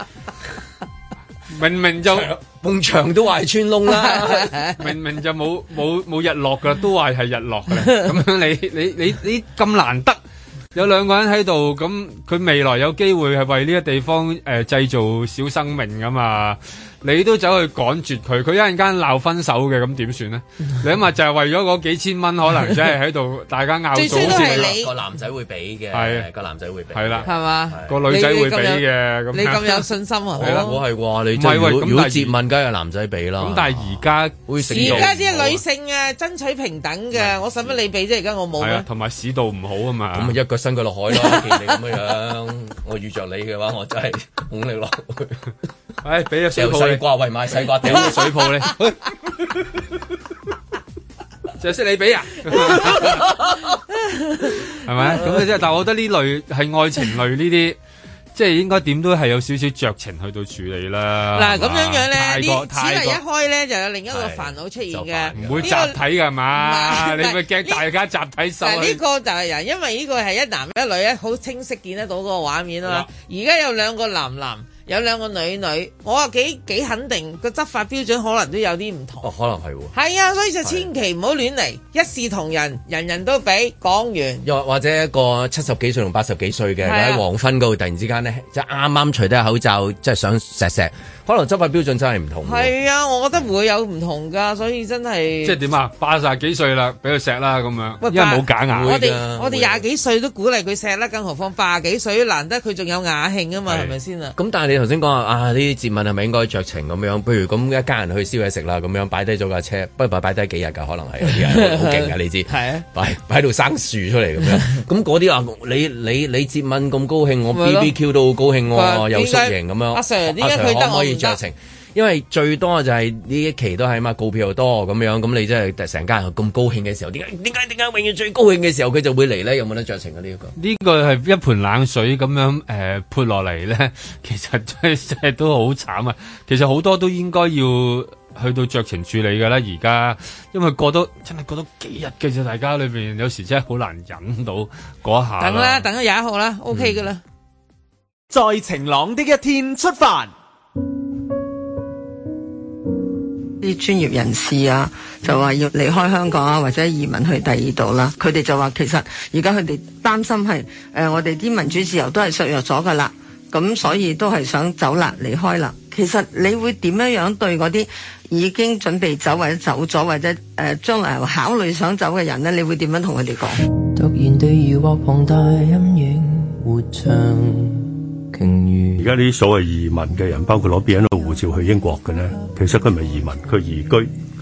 明明就。埲牆都話係穿窿啦， 明明就冇冇冇日落噶，都話係日落噶。咁 樣你你你你咁難得有兩個人喺度，咁佢未來有機會係為呢個地方誒、呃、製造小生命噶嘛？你都走去趕絕佢，佢一陣間鬧分手嘅，咁點算呢？你諗下就係為咗嗰幾千蚊，可能真係喺度大家拗嘴。最主要係男男仔會俾嘅，係個男仔會俾。係啦，係嘛？個女仔會俾嘅，咁你咁有信心啊？係啦，我係啩，你真係如果接吻，梗係男仔俾啦。咁但係而家會成而家啲女性啊，爭取平等嘅，我使乜你俾啫？而家我冇。係啊，同埋市道唔好啊嘛，咁咪一個身佢落海咯。見你咁樣，我遇著你嘅話，我真係捧你落去。哎，俾個水泡你。又西瓜喂，買西瓜頂個水泡你。就識你俾啊？係咪？咁即係，但係我覺得呢類係愛情類呢啲，即係應該點都係有少少酌情去到處理啦。嗱，咁樣樣咧，呢個只係一開咧就有另一個煩惱出現噶。唔會集體噶嘛？你會驚大家集體受。呢個就係人，因為呢個係一男一女咧，好清晰見得到嗰個畫面啊。而家有兩個男男。有兩個女女，我話幾幾肯定個執法標準可能都有啲唔同。哦，可能係喎。係啊，所以就千祈唔好亂嚟，的一視同仁，人人都俾講完。又或者一個七十幾歲同八十幾歲嘅喺的黃昏嗰度，突然之間咧就啱啱除低口罩，即係想錫錫。可能執法標準真係唔同。係啊，我覺得唔會有唔同噶，所以真係即係點啊？八十幾歲啦，俾佢錫啦咁樣，因為冇假牙㗎。我哋我哋廿幾歲都鼓勵佢錫啦，更何況八十幾歲，難得佢仲有雅興啊嘛，係咪先啊？咁但係你頭先講啊，呢啲接吻係咪應該酌情咁樣？譬如咁一家人去燒嘢食啦，咁樣擺低咗架車，不過擺擺低幾日㗎，可能係啊，好勁㗎，你知係啊，擺擺到生樹出嚟咁樣，咁嗰啲啊，你你你接吻咁高興，我 BBQ 都好高興喎，有縮影咁樣。阿 Sir，點解佢得我？酌情，行因為最多就係呢一期都係嘛，告票又多咁樣，咁你真係成家人咁高興嘅時候，點解點解點解永遠最高興嘅時候佢就會嚟咧？有冇得酌情啊？呢、這個呢個係一盆冷水咁樣誒潑落嚟咧，其實真係都好慘啊！其實好多都應該要去到酌情處理嘅啦，而家因為過多真係過多幾日，其實大家裏邊有時真係好難忍到嗰下。等啦，等咗廿一號啦，OK 噶啦。嗯、在晴朗的一天出發。啲專業人士啊，就話要離開香港啊，或者移民去第二度啦。佢哋就話其實而家佢哋擔心係誒、呃、我哋啲民主自由都係削弱咗噶啦。咁所以都係想走啦，離開啦。其實你會點樣樣對嗰啲已經準備走或者走咗或者誒將、呃、來考慮想走嘅人咧？你會點樣同佢哋講？突然地搖晃龐大嘅陰影活像鯨魚。而家啲所謂移民嘅人，包括攞照去英國嘅呢，其實佢唔係移民，佢移居，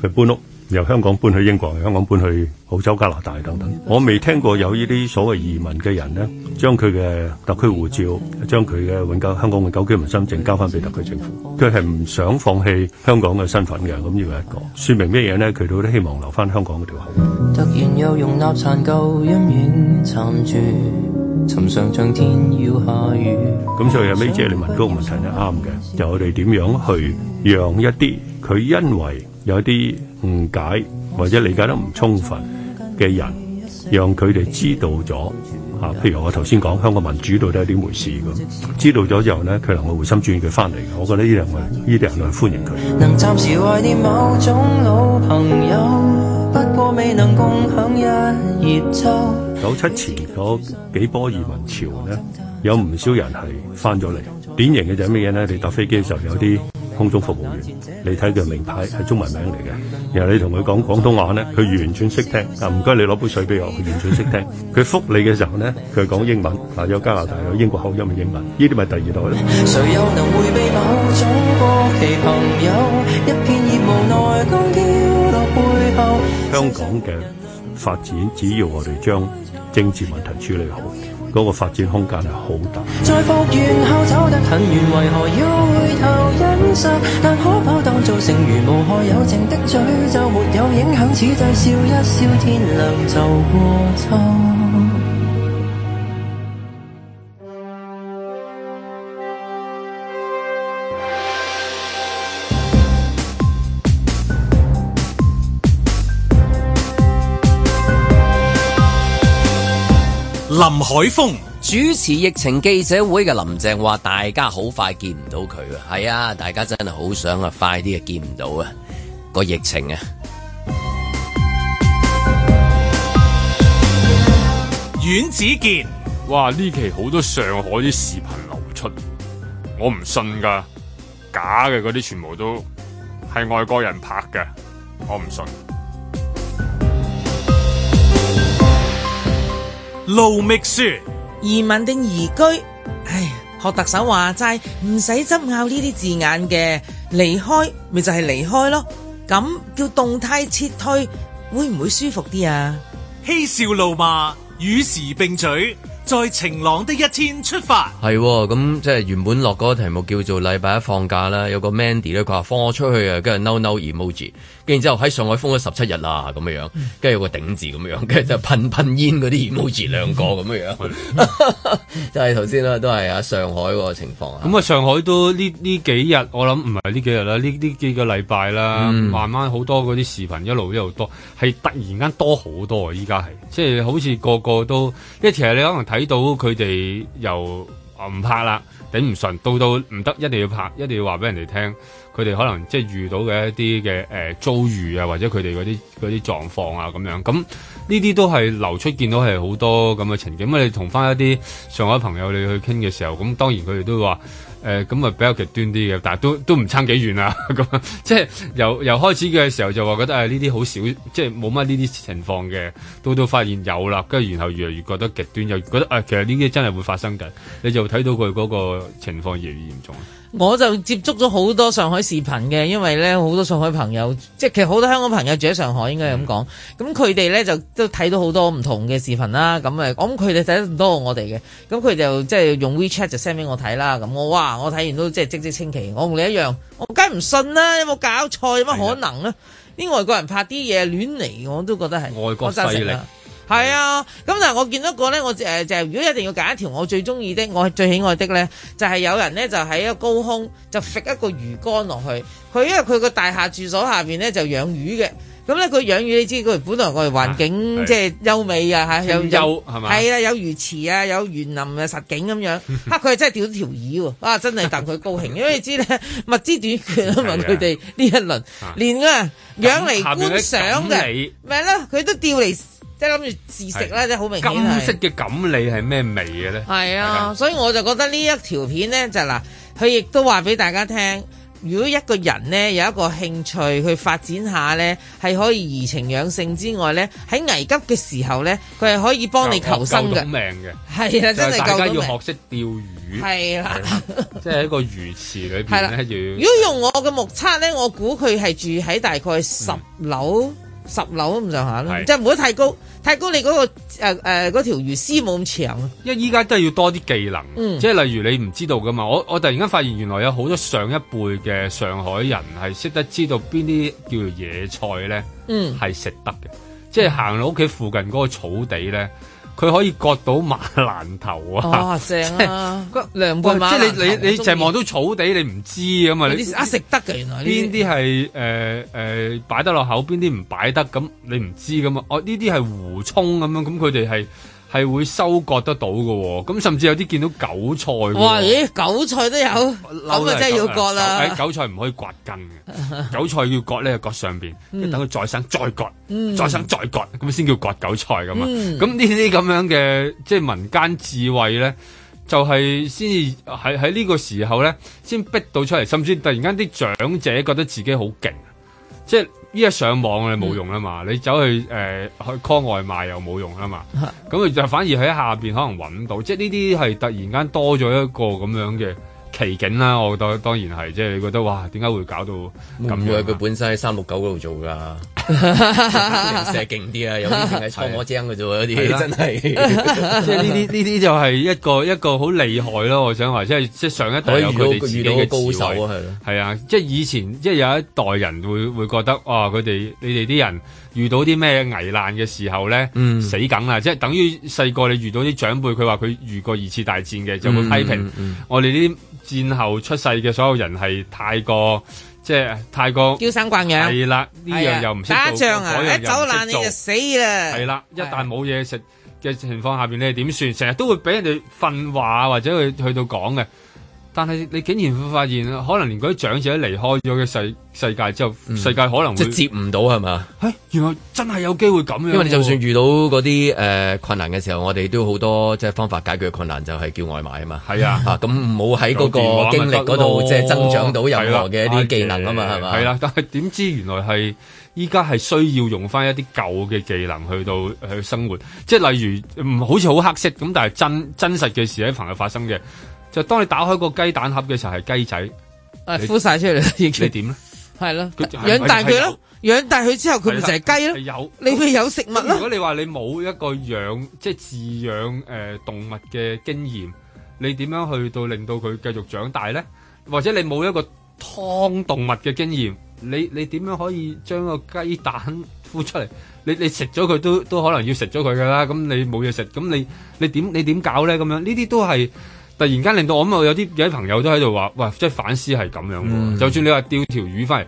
佢搬屋由香港搬去英國，香港搬去澳洲、加拿大等等。我未聽過有呢啲所謂移民嘅人呢，將佢嘅特區護照，將佢嘅永久香港永久居民身證交翻俾特區政府。佢係唔想放棄香港嘅身份嘅，咁要個一個說明咩嘢呢？佢都希望留翻香港嗰條口。突然尋常天要下雨，咁所以阿 May 姐，你問呢個問題都啱嘅。嗯、就我哋點樣去讓一啲佢，因為有一啲誤解或者理解得唔充分嘅人，讓佢哋知道咗吓，譬、啊、如我頭先講香港民主到底係點回事咁，知道咗之後呢，佢能夠回心轉意佢翻嚟，我覺得呢兩位呢啲人係歡迎佢。能暫時九七前嗰幾波移民潮咧，有唔少人係翻咗嚟。典型嘅就係咩嘢咧？你搭飛機嘅時候有啲空中服務員，你睇佢名牌係中文名嚟嘅。然後你同佢講廣東話咧，佢完全識聽。啊，唔該你攞杯水俾我，佢完全識聽。佢覆 你嘅時候咧，佢講英文。嗱，有加拿大，有英國口音嘅英文，呢啲咪第二代咯。誰又能迴避某種朋友一片熱背後香港嘅發展，只要我哋將政治問題處理好，嗰、那個發展空間係好大。林海峰主持疫情記者會嘅林鄭話：大家好快見唔到佢啊！係啊，大家真係好想啊，快啲啊見唔到啊，個疫情啊！阮子健，哇！呢期好多上海啲視頻流出，我唔信噶，假嘅嗰啲全部都係外國人拍嘅，我唔信。盧覓雪移民定移居？唉，學特首話齋，唔使執拗呢啲字眼嘅，離開咪就係離開咯。咁叫動態撤退，會唔會舒服啲啊？嬉笑怒罵，與時並舉，在晴朗的一天出發。係咁、哦，即係原本落嗰個題目叫做禮拜一放假啦。有個 Mandy 咧，佢話放我出去啊，跟住嬲嬲 Emoji。跟住之後喺上海封咗十七日啦，咁樣樣，跟住有個頂字咁樣，跟住就噴噴煙嗰啲 emoji 兩個咁樣， 就係頭先啦，都係喺上海個情況。咁啊、嗯，上海都呢呢幾日，我諗唔係呢幾日啦，呢呢幾個禮拜啦，嗯、慢慢好多嗰啲視頻一路一路多，係突然間多，多、就是、好多啊！依家係，即係好似個個都，其實你可能睇到佢哋又唔拍啦，頂唔順，到到唔得一定要拍，一定要話俾人哋聽。佢哋可能即係遇到嘅一啲嘅誒遭遇啊，或者佢哋嗰啲嗰啲狀況啊，咁樣咁呢啲都係流出見到係好多咁嘅情景。咁你同翻一啲上海朋友你去傾嘅時候，咁當然佢哋都話誒咁啊比較極端啲嘅，但係都都唔差幾遠啊。咁即係由由開始嘅時候就話覺得誒呢啲好少，即係冇乜呢啲情況嘅，到到發現有啦，跟住然後越嚟越覺得極端，又覺得誒、呃、其實呢啲真係會發生緊，你就睇到佢嗰個情況越嚟越嚴重。我就接觸咗好多上海視頻嘅，因為咧好多上海朋友，即係其實好多香港朋友住喺上海，應該係咁講。咁佢哋咧就都睇到好多唔同嘅視頻啦。咁啊，我諗佢哋睇得多我哋嘅。咁佢就即係用 WeChat 就 send 俾我睇啦。咁我哇，我睇完都即係即即清奇。我同你一樣，我梗唔信啦。有冇搞錯？有乜可能咧？啲是的 外國人拍啲嘢亂嚟，我都覺得係外國勢力係啊，咁但係我見到個咧，我誒就係如果一定要揀一條我最中意的，我最喜愛的咧，就係、是、有人咧就喺一個高空就甩一個魚竿落去，佢因為佢個大廈住所下邊咧就養魚嘅，咁咧佢養魚你知佢本來佢環境、啊、即係優美啊嚇，又又係嘛，啊，有，啊有魚池啊有園林嘅實景咁樣，吓、啊，佢真係釣到條魚喎， 真係戥佢高興，因為你知咧物資短缺啊嘛，佢哋呢一輪啊連啊養嚟觀賞嘅，咪啦佢都釣嚟。即係諗住自食啦，的即係好明顯。金色嘅錦鯉係咩味嘅咧？係啊，的所以我就覺得一條呢一條片咧就嗱、是，佢亦都話俾大家聽，如果一個人咧有一個興趣去發展下咧，係可以怡情養性之外咧，喺危急嘅時候咧，佢係可以幫你求生嘅，救到命嘅。係啊，真係。大家要學識釣魚。係啦的，即係喺個魚池裏邊咧，要的。如果用我嘅目測咧，我估佢係住喺大概十樓。嗯十樓咁上下咯，即係唔好太高，太高你嗰、嗰個誒誒嗰條魚絲冇咁長啊！因為依家真係要多啲技能，嗯、即係例如你唔知道噶嘛？我我突然間發現原來有好多上一輩嘅上海人係識得知道邊啲叫做野菜咧，係食、嗯、得嘅，嗯、即係行到屋企附近嗰個草地咧。嗯嗯佢可以割到馬蘭頭啊！哇、哦，正啊！割涼拌馬蘭頭，即係你你你淨係望到草地，你唔知咁嘛？你啊食得嘅，原來邊啲係誒誒擺得落口，邊啲唔擺得，咁你唔知噶嘛？哦，呢啲係胡蔥咁樣，咁佢哋係。係會收割得到嘅。哦，咁甚至有啲見到韭菜。哦。哇！咦，韭菜都有，咁啊、嗯、真係要割啦。喺係韭菜唔可以刮根嘅。 韭菜要割咧，割上邊，即、嗯、等佢再生再割，再生再割，咁先、嗯、叫割韭菜噶嘛。咁呢啲咁樣嘅即係民間智慧咧，就係先至喺喺呢個時候咧，先逼到出嚟，甚至突然間啲長者覺得自己好勁，即係。依家上網你冇用啦嘛，嗯、你走去誒去 call 外賣又冇用啦嘛，咁 就反而喺下面可能揾到，即係呢啲係突然間多咗一個咁樣嘅。奇景啦，我當當然係，即係你覺得哇，點解會搞到咁樣？佢本身喺三六九嗰度做㗎、啊，射勁啲啊，有啲似係菜魔精嘅啫喎，啲的真係。的 即係呢啲呢啲就係一個一個好厲害咯，我想話，即係即係上一代有佢哋自己嘅高手係咯，係啊，即係以前即係有一代人會會覺得啊，佢哋你哋啲人。遇到啲咩危難嘅時候咧，嗯、死梗啦！即係等於細個你遇到啲長輩，佢話佢遇過二次大戰嘅，就會批評、嗯嗯嗯嗯、我哋啲戰後出世嘅所有人係太過即係太過嬌生慣養。係啦、啊，呢樣又唔識做，打仗啊，一走難你，啊、你就死啦！係啦，一旦冇嘢食嘅情況下邊，你係點算？成日都會俾人哋訓話或者去去到講嘅。但係你竟然會發現，可能連嗰啲長者離開咗嘅世世界之後，嗯、世界可能會即接唔到係嘛？原來真係有機會咁樣。因為你就算遇到嗰啲誒困難嘅時候，我哋都好多即係方法解決困難，就係叫外賣啊嘛。係啊，咁冇喺嗰個經歷嗰度即係增長到任何嘅一啲技能啊嘛，係嘛？係啦，但係點知原來係依家係需要用翻一啲舊嘅技能去到去生活，即係例如好似好黑色咁，但係真真實嘅事喺朋友發生嘅。就當你打開個雞蛋盒嘅時候，係雞仔誒，孵晒出嚟。你點咧？係咯，養大佢咯，養大佢之後，佢咪成雞咯。有，你會有食物咯。如果你話你冇一個養，即係飼養誒動物嘅經驗，你點樣去到令到佢繼續長大咧？或者你冇一個劏動物嘅經驗，你你點樣可以將個雞蛋孵出嚟？你你食咗佢都都可能要食咗佢㗎啦。咁你冇嘢食，咁你你點你點搞咧？咁樣呢啲都係。突然間令到我諗有啲幾位朋友都喺度話，喂，即係反思係咁樣喎。嗯、就算你話釣條魚翻嚟，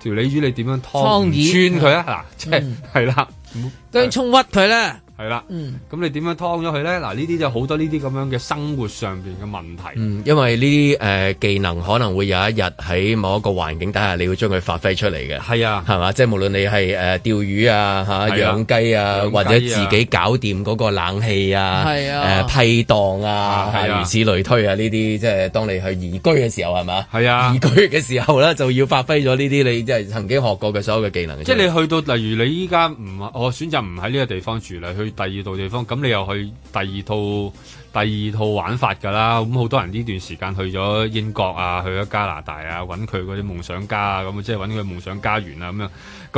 條魚你點樣劏穿佢啊？嗱，即係係啦。嗯，薑葱屈佢咧，係啦，咁你點樣劏咗佢咧？嗱，呢啲就好多呢啲咁樣嘅生活上邊嘅問題。因為呢啲誒技能可能會有一日喺某一個環境底下，你會將佢發揮出嚟嘅。係啊，係嘛，即係無論你係誒釣魚啊吓，養雞啊，或者自己搞掂嗰個冷氣啊，誒批檔啊，如此類推啊，呢啲即係當你去移居嘅時候，係嘛？係啊，移居嘅時候咧就要發揮咗呢啲你即係曾經學過嘅所有嘅技能。即係你去到例如你依家唔我選擇唔喺呢個地方住啦，去第二度地方咁，你又去第二套第二套玩法㗎啦。咁好多人呢段時間去咗英國啊，去咗加拿大啊，揾佢嗰啲夢想家啊，咁即係揾佢夢想家園啊，咁樣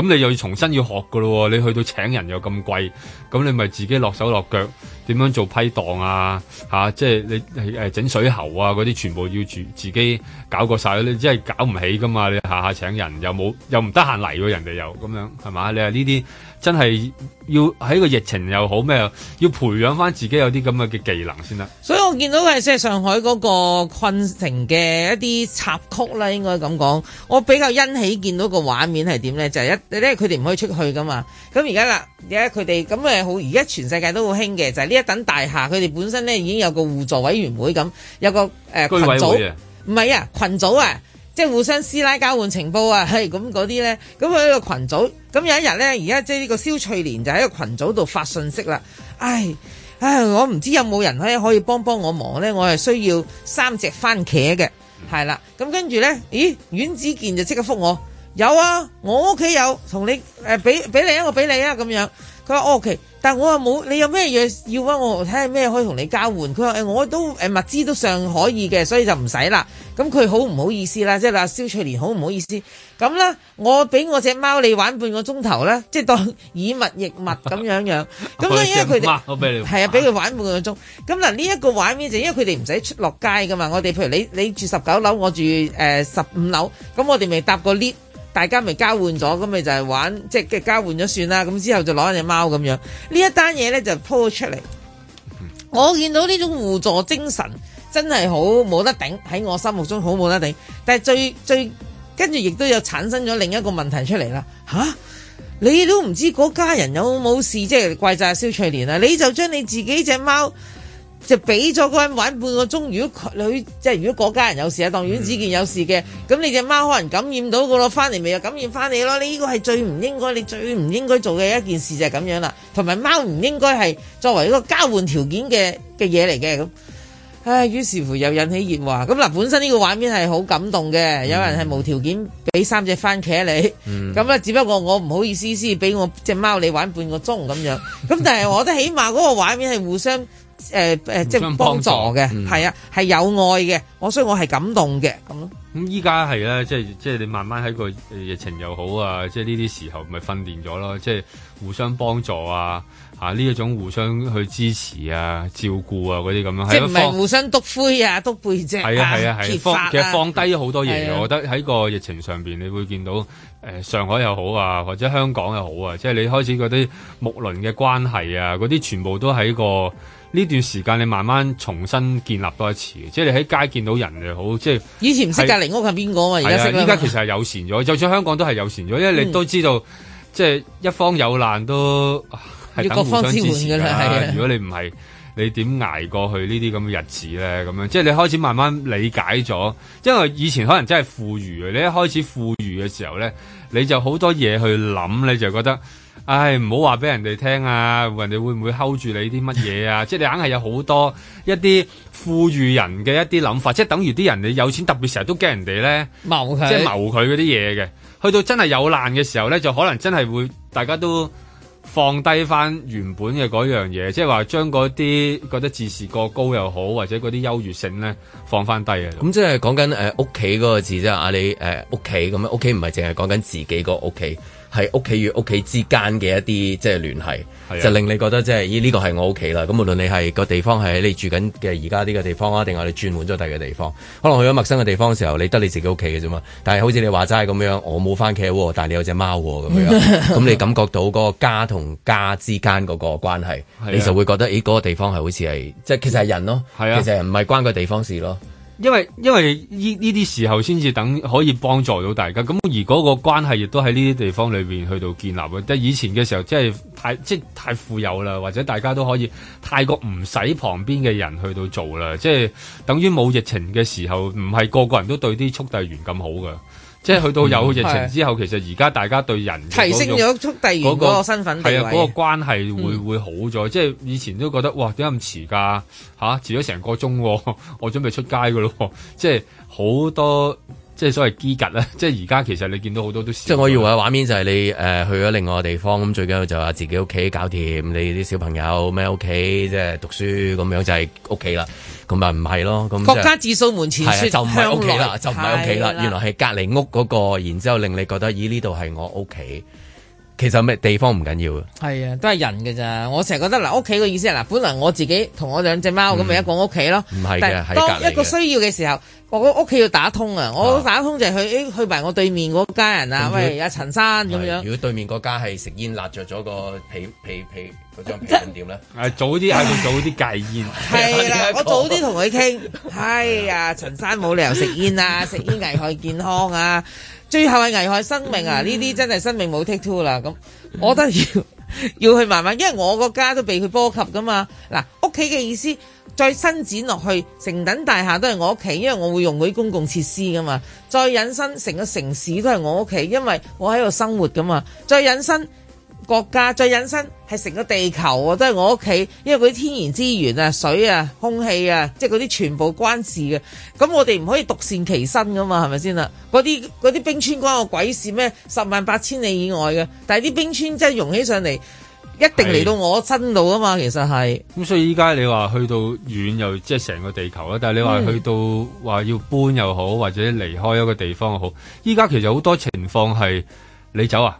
咁你又要重新要學㗎咯、啊。你去到請人又咁貴，咁你咪自己落手落腳點樣做批檔啊？嚇、啊，即係你係呃、整水喉啊，嗰啲全部要住自己搞過晒。你真係搞唔起㗎嘛。你下下請人又冇又唔得閒嚟喎，人哋又咁樣係嘛？你話呢啲？真係要喺個疫情又好咩，要培養翻自己有啲咁嘅嘅技能先得。所以我見到係即係上海嗰個困城嘅一啲插曲啦，應該咁講。我比較欣喜見到個畫面係點咧？就係、是、一，因為佢哋唔可以出去噶嘛。咁而家啦，而家佢哋咁誒好，而家全世界都好興嘅就係、是、呢一等大廈，佢哋本身咧，已經有個互助委員會咁，有個誒、呃、群組，唔係啊群組啊。即係互相師奶交換情報啊！係咁嗰啲呢，咁佢喺個群組，咁有一日呢，而家即係呢個蕭翠蓮就喺個群組度發信息啦。唉唉，我唔知有冇人可以可以幫幫我忙呢？我係需要三隻番茄嘅，係啦。咁跟住呢，咦？阮子健就即刻覆我，有啊，我屋企有，同你誒俾俾你一個我俾你啊，咁樣。佢話 O K。OK。但我又冇，你有咩嘢要畀我睇下咩可以同你交換？佢話誒，我都誒物資都尚可以嘅，所以就唔使啦。咁佢好唔好意思啦？即係嗱，肖翠蓮好唔好意思？咁咧，我俾我隻貓你玩半個鐘頭咧，即係當以物易物咁樣樣。咁咧， 因為佢哋係啊，俾佢 玩，玩半個鐘。咁嗱，呢、這、一個畫面就是、因為佢哋唔使出落街噶嘛。我哋譬如你你住十九樓，我住誒十五樓，咁、呃、我哋咪搭個 lift。大家咪交換咗，咁咪就係玩，即係嘅交換咗算啦。咁之後就攞隻貓咁樣，呢一單嘢咧就鋪出嚟。我見到呢種互助精神真係好冇得頂，喺我心目中好冇得頂。但係最最跟住亦都有產生咗另一個問題出嚟啦。嚇，你都唔知嗰家人有冇事，即係怪責肖翠蓮啊？你就將你自己隻貓。就俾咗嗰人玩半個鐘。如果佢即係如果嗰家人有事啊，當院子健有事嘅，咁你隻貓可能感染到個咯，翻嚟咪又感染翻你咯。你呢個係最唔應該，你最唔應該做嘅一件事就係咁樣啦。同埋貓唔應該係作為一個交換條件嘅嘅嘢嚟嘅咁。唉，於是乎又引起熱話。咁嗱，本身呢個畫面係好感動嘅，嗯、有人係無條件俾三隻番茄你，咁咧、嗯，只不過我唔好意思先俾我隻貓你玩半個鐘咁樣。咁但係我覺得起碼嗰個畫面係互相。誒誒，即係幫助嘅，係啊、嗯，係有愛嘅，我所以我係感動嘅咁咯。咁依家係啦，即係即係你慢慢喺個疫情又好啊，即係呢啲時候咪訓練咗咯，即、就、係、是、互相幫助啊，吓呢一種互相去支持啊、照顧啊嗰啲咁啊，樣即係唔係互相督灰啊、督背脊啊，其實放其實放低咗好多嘢。啊、我覺得喺個疫情上邊，你會見到誒、呃、上海又好啊，或者香港又好啊，即係你開始嗰啲木輪嘅關係啊，嗰啲全部都喺個。呢段時間你慢慢重新建立多一次，即係你喺街見到人又好，即係以前唔識隔離屋係邊個啊？而家識得，依家其實係友善咗， 就算香港都係友善咗，因為你都知道，嗯、即係一方有難都係各方支援㗎啦。如果你唔係，你點捱過去呢啲咁嘅日子咧？咁樣即係你開始慢慢理解咗，因為以前可能真係富裕，你一開始富裕嘅時候咧，你就好多嘢去諗，你就覺得。唉，唔好話俾人哋聽啊！人哋會唔會 hold 住你啲乜嘢啊？ 即係你硬係有好多一啲富裕人嘅一啲諗法，即係等於啲人你有錢，特別成日都驚人哋咧，他即係謀佢嗰啲嘢嘅。去到真係有難嘅時候咧，就可能真係會大家都放低翻原本嘅嗰樣嘢，即係話將嗰啲覺得自視過高又好，或者嗰啲優越性咧放翻低啊。咁、嗯、就即係講緊誒屋企嗰個字啫啊你！你誒屋企咁樣，屋企唔係淨係講緊自己個屋企。係屋企與屋企之間嘅一啲即係聯繫，的就令你覺得即係咦，呢個係我屋企啦。咁無論你係、嗰個地方係喺你住緊嘅而家呢個地方啊，定係你轉換咗第二個地方，可能去咗陌生嘅地方嘅時候，你得你自己屋企嘅啫嘛。但係好似你話齋咁樣，我冇番茄喎，但係你有隻貓喎咁樣，咁、嗰個、 你感覺到嗰個家同家之間嗰個關係，的你就會覺得咦，嗰、嗰個地方係好似係即係其實係人咯，的其實唔係關個地方事咯。因為因為呢呢啲時候先至等可以幫助到大家，咁而嗰個關係亦都喺呢啲地方裏邊去到建立嘅。即係以前嘅時候，即係太即係太富有啦，或者大家都可以太過唔使旁邊嘅人去到做啦，即係等於冇疫情嘅時候，唔係個個人都對啲速遞員咁好嘅。即係去到有疫情之後，嗯、其實而家大家對人提升咗速遞員嗰、嗰個、個身份，係啊，嗰個關係會，嗯、會好咗。即係以前都覺得哇，點解咁遲㗎嚇、啊？遲咗成個鐘、哦，我準備出街㗎咯。即係好多。即係所謂基夾啦，即係而家其實你見到好多都。即係我以為畫面就係你誒、呃、去咗另外個地方咁，最緊要就話自己屋企搞掂，你啲小朋友咩屋企，即係讀書咁樣就係屋企啦。咁咪唔係咯？國家自掃門前就唔係屋企啦，就唔係屋企啦。原來係隔離屋嗰、嗰個，然之後、後令你覺得咦，呢度係我屋企。其實咩地方唔緊要啊，係啊，都係人嘅咋。我成日覺得嗱，屋企嘅意思係嗱，本來我自己同我兩隻貓咁咪一個屋企咯。唔係嘅，當一個需要嘅時候，我屋企要打通啊。我打通就係去去埋我對面嗰家人啊，喂，阿陳生咁樣。如果對面嗰家係食煙辣着咗個皮皮皮嗰張皮，點咧？早啲嗌佢早啲戒煙。係啦，我早啲同佢傾。係啊，陳生冇理由食煙啊，食煙危害健康啊。最後係危害生命啊！呢啲真係生命冇 take two 啦，咁我覺得要要去慢慢，因為我個家都被佢波及噶嘛。嗱，屋企嘅意思再伸展落去，成棟大廈都係我屋企，因為我會用嗰啲公共設施噶嘛。再引申，成個城市都係我屋企，因為我喺度生活噶嘛。再引申。國家最引申係成個地球喎，都係我屋企，因為嗰啲天然資源啊、水啊、空氣啊，即係嗰啲全部關事嘅。咁我哋唔可以獨善其身噶嘛，係咪先啦？嗰啲啲冰川關我鬼事咩？十萬八千里以外嘅，但係啲冰川真係溶起上嚟，一定嚟到我身度噶嘛。是其實係咁，所以依家你話去到遠又即係成個地球啦，但係你話去到話要搬又好，或者離開一個地方又好，依家其實好多情況係你走啊，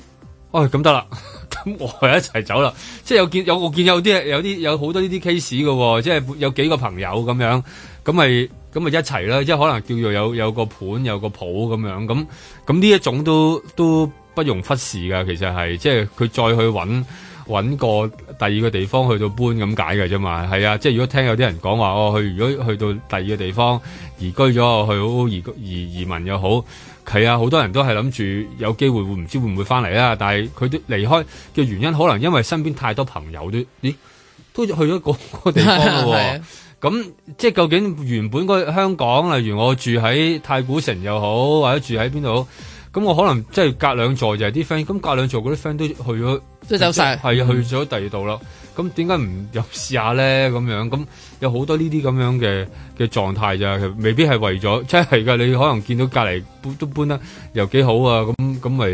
哦咁得啦。 我係 一齊走啦，即係有見有我見有啲有啲有好多呢啲 case 嘅喎，即係有幾個朋友咁樣，咁咪咁咪一齊啦，即係可能叫做有有個盤有個鋪咁樣，咁咁呢一種都都不容忽視嘅，其實係即係佢再去揾揾個第二個地方去到搬咁解嘅啫嘛，係啊，即係如果聽有啲人講話，哦，去如果去到第二個地方移居咗，去好移移移民又好。係啊，好多人都係諗住有機會會唔知會唔會翻嚟啦。但係佢都離開嘅原因，可能因為身邊太多朋友都咦都去咗個地方咯。咁 即係究竟原本香港，例如我住喺太古城又好，或者住喺邊度，咁我可能即係隔兩座就係啲 friend。咁隔兩座嗰啲 friend 都去咗，都走晒，係啊，去咗第二度咯。咁點解唔入試下咧？咁樣咁有好多呢啲咁樣嘅嘅狀態就未必係為咗即係㗎。你可能見到隔籬搬都搬得又幾好啊，咁咁咪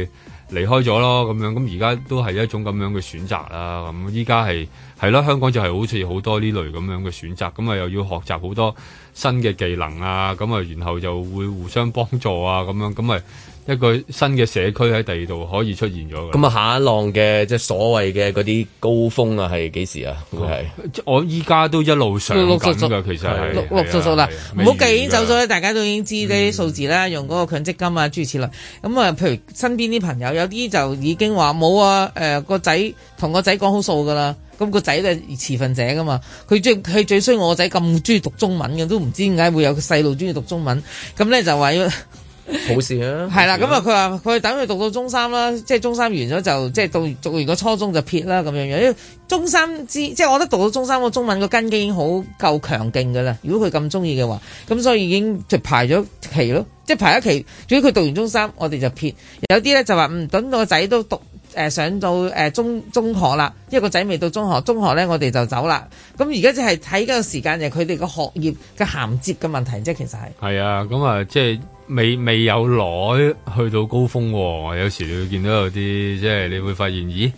離開咗咯。咁樣咁而家都係一種咁樣嘅選擇啦。咁依家係係咯，香港就係好似好多呢類咁樣嘅選擇。咁啊又要學習好多新嘅技能啊，咁啊然後就會互相幫助啊，咁樣咁咪。一個新嘅社區喺第二度可以出現咗咁啊，下一浪嘅即係所謂嘅嗰啲高峰啊，係幾時啊？係我依家都一路上落其實係陸陸續續啦。唔好計已經走咗，大家都已經知呢啲數字啦。用嗰個強積金啊，諸如此類。咁啊，譬如身邊啲朋友，有啲就已經話冇啊。誒，個仔同個仔講好數噶啦。咁個仔就係持份者㗎嘛。佢最衰，我個仔咁鍾意讀中文嘅，都唔知點解會有個細路鍾意讀中文。咁呢就話冇事啊！係啦，咁啊，佢話佢等佢讀到中三啦，即係中三完咗就即係到讀完個初中就撇啦咁樣樣。因為中三之即係，我覺得讀到中三個中文個根基已經好夠強勁噶啦。如果佢咁中意嘅話，咁、嗯、所以已經就排咗期咯，即係排咗期。總之佢讀完中三，我哋就撇。有啲咧就話唔、嗯、等個仔都讀誒上、呃、到誒中中學啦。因為個仔未到中學，中學咧我哋就走啦。咁而家就係睇嗰個時間就係佢哋個學業嘅銜接嘅問題即其實係。係啊，咁啊即係。未未有耐去到高峰喎、哦，有時你會見到有啲即係，你會發現，咦，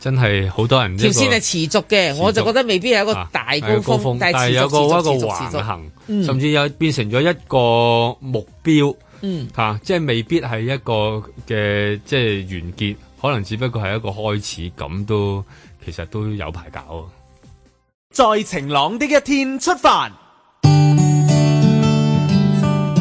真係好多人，這個，條線係持續嘅，續我就覺得未必係一個大高峰，啊、高峰但係續有一個一個橫行，嗯、甚至有變成咗一個目標，嚇、嗯啊，即係未必係一個嘅即係完結，可能只不過係一個開始，咁都其實都有排搞喎。在晴朗的一天出發。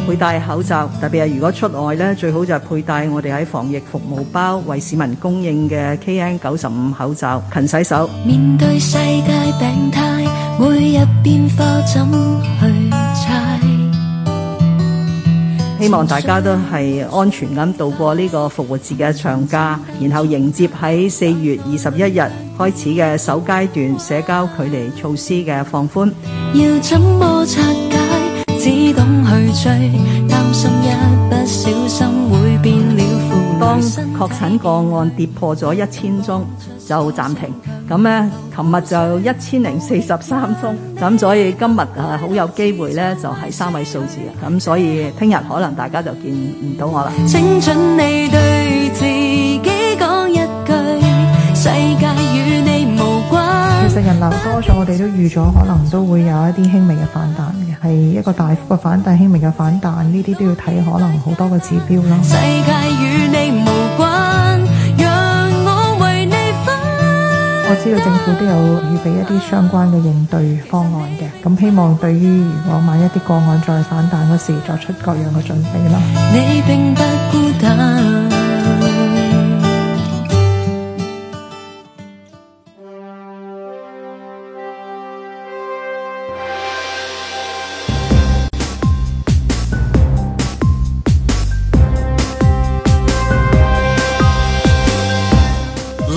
佩戴口罩，特別係如果出外咧，最好就係佩戴我哋喺防疫服務包為市民供應嘅 KN 九十五口罩，勤洗手。面對世界病態每日變化，怎去猜？希望大家都係安全咁度過呢個復活節嘅長假，然後迎接喺四月二十一日開始嘅首階段社交距離措施嘅放寬。要怎麼拆？懂去追，擔心一不小心會變了。當確診個案跌破咗一千宗就暫停，咁呢，琴日就一千零四十三宗，咁所以今日啊好有機會呢，就係三位數字啊，咁所以聽日可能大家就見唔到我啦。請准你對自己講一句世界。人流多咗，我哋都預咗可能都會有一啲輕微嘅反彈嘅。係一個大幅嘅反彈，輕微嘅反彈，呢啲都要睇可能好多個指標咯。世界與你無關，讓我為你。我知道政府都有預備一啲相關嘅應對方案嘅，咁希望對於如果萬一啲個案再反彈嗰時，作出各樣嘅準備咯。你並不孤單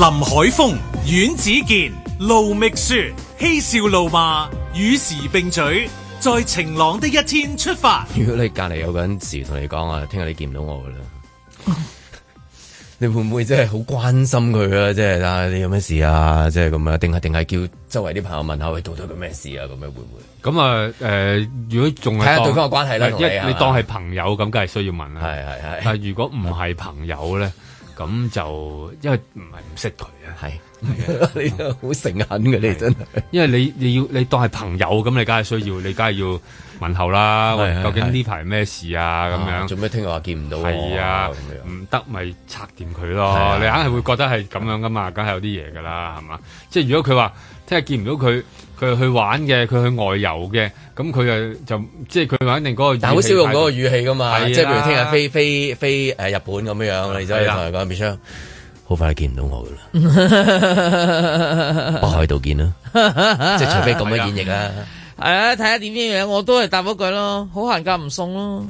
林海峰、阮子健、盧覓雪嬉笑怒罵，與時並舉，在晴朗的一天出發。如果你隔籬有緊事同你講啊，聽日你見唔到我噶啦， 你會唔會真係好關心佢啊？即係啊，你有咩事啊？即係咁啊？定係定係叫周圍啲朋友問下，佢到底佢咩事啊？咁樣會唔會？咁啊、嗯？誒、呃，如果仲睇下對方嘅關係啦，你、嗯、你當係朋友咁，梗係需要問啦。係係係。但如果唔係朋友咧？咁就因為唔係唔識佢啊，係你好誠懇嘅你真係，因為你你要你當係朋友咁，你梗係需要，你梗係要問候啦，究竟呢排咩事啊咁樣？做咩聽日話見唔到啊？係啊，唔得咪拆掂佢咯，你硬係會覺得係咁樣噶嘛，梗係有啲嘢噶啦，係嘛？即係如果佢話聽日見唔到佢。佢去玩嘅，佢去外遊嘅，咁佢又就即係佢肯定嗰個語氣。但好少用嗰個語氣噶嘛，的即係譬如聽日飛飛飛誒日本咁樣，你就可的以同佢講美香，好快見唔到我噶啦，北海道見啦， 即係除非咁樣演繹啦。啊係啊，睇下點樣樣，我都係答一句咯，好行夾唔送咯。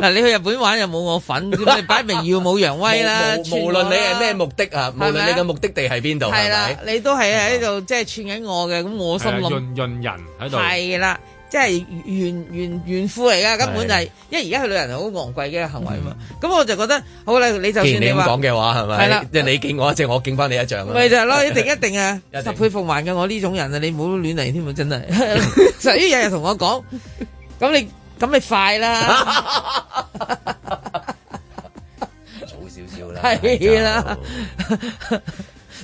嗱， 你去日本玩又冇我份，你擺明耀武揚威啦。無，無，啦無論你係咩目的啊，吧無論你嘅目的地喺邊度，係咪？你都係喺度即係串緊我嘅，咁我心諗潤潤人喺度。係啦。即係怨怨怨婦嚟㗎，根本就係，因為而家佢女人好昂貴嘅行為啊嘛，咁我就覺得好啦，你就算你咁講嘅話係咪？係啦，即係你敬我，即係我敬翻你一丈啊！咪就係咯，一定一定啊，十倍奉還嘅，我呢種人啊，你唔好亂嚟添啊，真係，成日日同我講，咁你咁你快啦，早少少啦，係啦。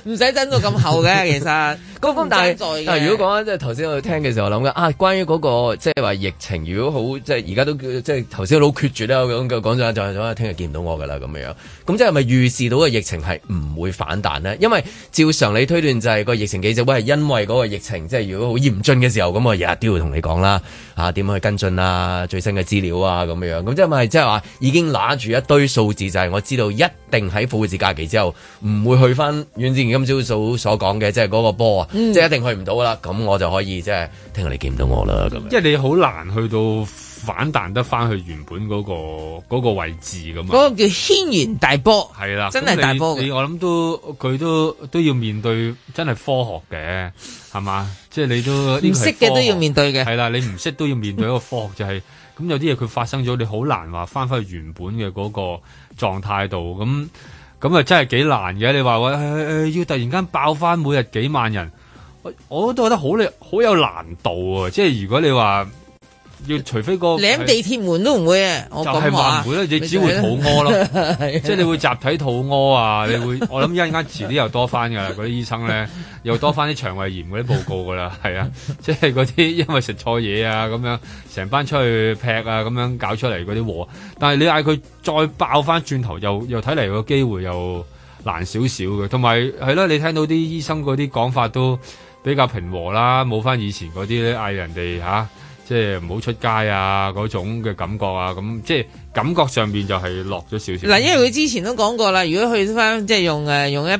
唔使真到咁厚嘅。 其實高峰，但係，但如果講，即係頭先我聽嘅時候，我諗啊，關於嗰、那個即係話疫情，如果好即係而家都即係頭先好決絕啦，咁嘅講咗就咁啊，聽日見唔到我噶啦咁樣樣，咁即係咪預示到個疫情係唔會反彈呢？因為照常理推斷就係、是、個疫情幾時會係因為嗰個疫情，即係如果好嚴峻嘅時候，咁我日日都要同你講啦，吓、啊、點去跟進啦，最新嘅資料啊咁樣樣，咁即係咪即係話已經拿住一堆數字，就係、是、我知道一定喺復活節假期之後唔會去翻今朝早所講嘅，就是嗯、即係嗰個波啊，即係一定去唔到啦。咁我就可以即係聽日你見唔到我啦。咁即係你好難去到反彈得翻去原本嗰、那個那個位置咁啊。嗰個叫軒然大波，係啦的，真係大波嘅。我諗都佢都都要面對，真係科學嘅，係嘛？即、就、係、是、你都唔識嘅都要面對嘅，係啦。你唔識都要面對一個科學， 就係、是、咁有啲嘢佢發生咗，你好難話翻返去原本嘅嗰個狀態度咁。咁啊，真係幾難嘅！你話我、哎、要突然間爆翻每日幾萬人，我，我都覺得好咧，好有難度啊。即係如果你話，要除非個你地鐵門都唔會啊！就係話唔會咧，你只會肚屙咯， 即係你會集體肚屙啊！ 你會我諗一陣間遲啲又多翻噶啦，嗰啲醫生咧又多翻啲腸胃炎嗰啲報告噶啦，係啊！即係嗰啲因為食錯嘢啊咁樣，成班出去劈啊咁樣搞出嚟嗰啲禍。但係你嗌佢再爆翻轉頭，又又睇嚟個機會又難少少嘅。同埋係咯，你聽到啲醫生嗰啲講法都比較平和啦，冇翻以前嗰啲嗌人哋嚇。啊啊啊啊啊啊即係唔好出街啊！嗰種嘅感覺啊，咁即係感覺上邊就係落咗少少。嗱，因為佢之前都講過啦，如果去翻即係用誒、啊、用一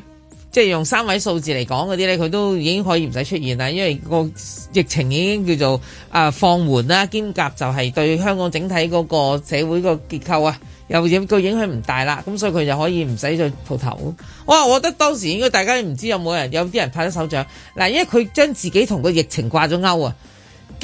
即係用三位數字嚟講嗰啲咧，佢都已經可以唔使出現啦。因為個疫情已經叫做啊、呃、放緩啦，兼夾就係對香港整體嗰個社會個結構啊又影個影響唔大啦，咁所以佢就可以唔使再蒲頭。哇，我覺得當時應該大家唔知有冇人有啲人拍咗手掌。嗱，因為佢將自己同個疫情掛咗鈎啊！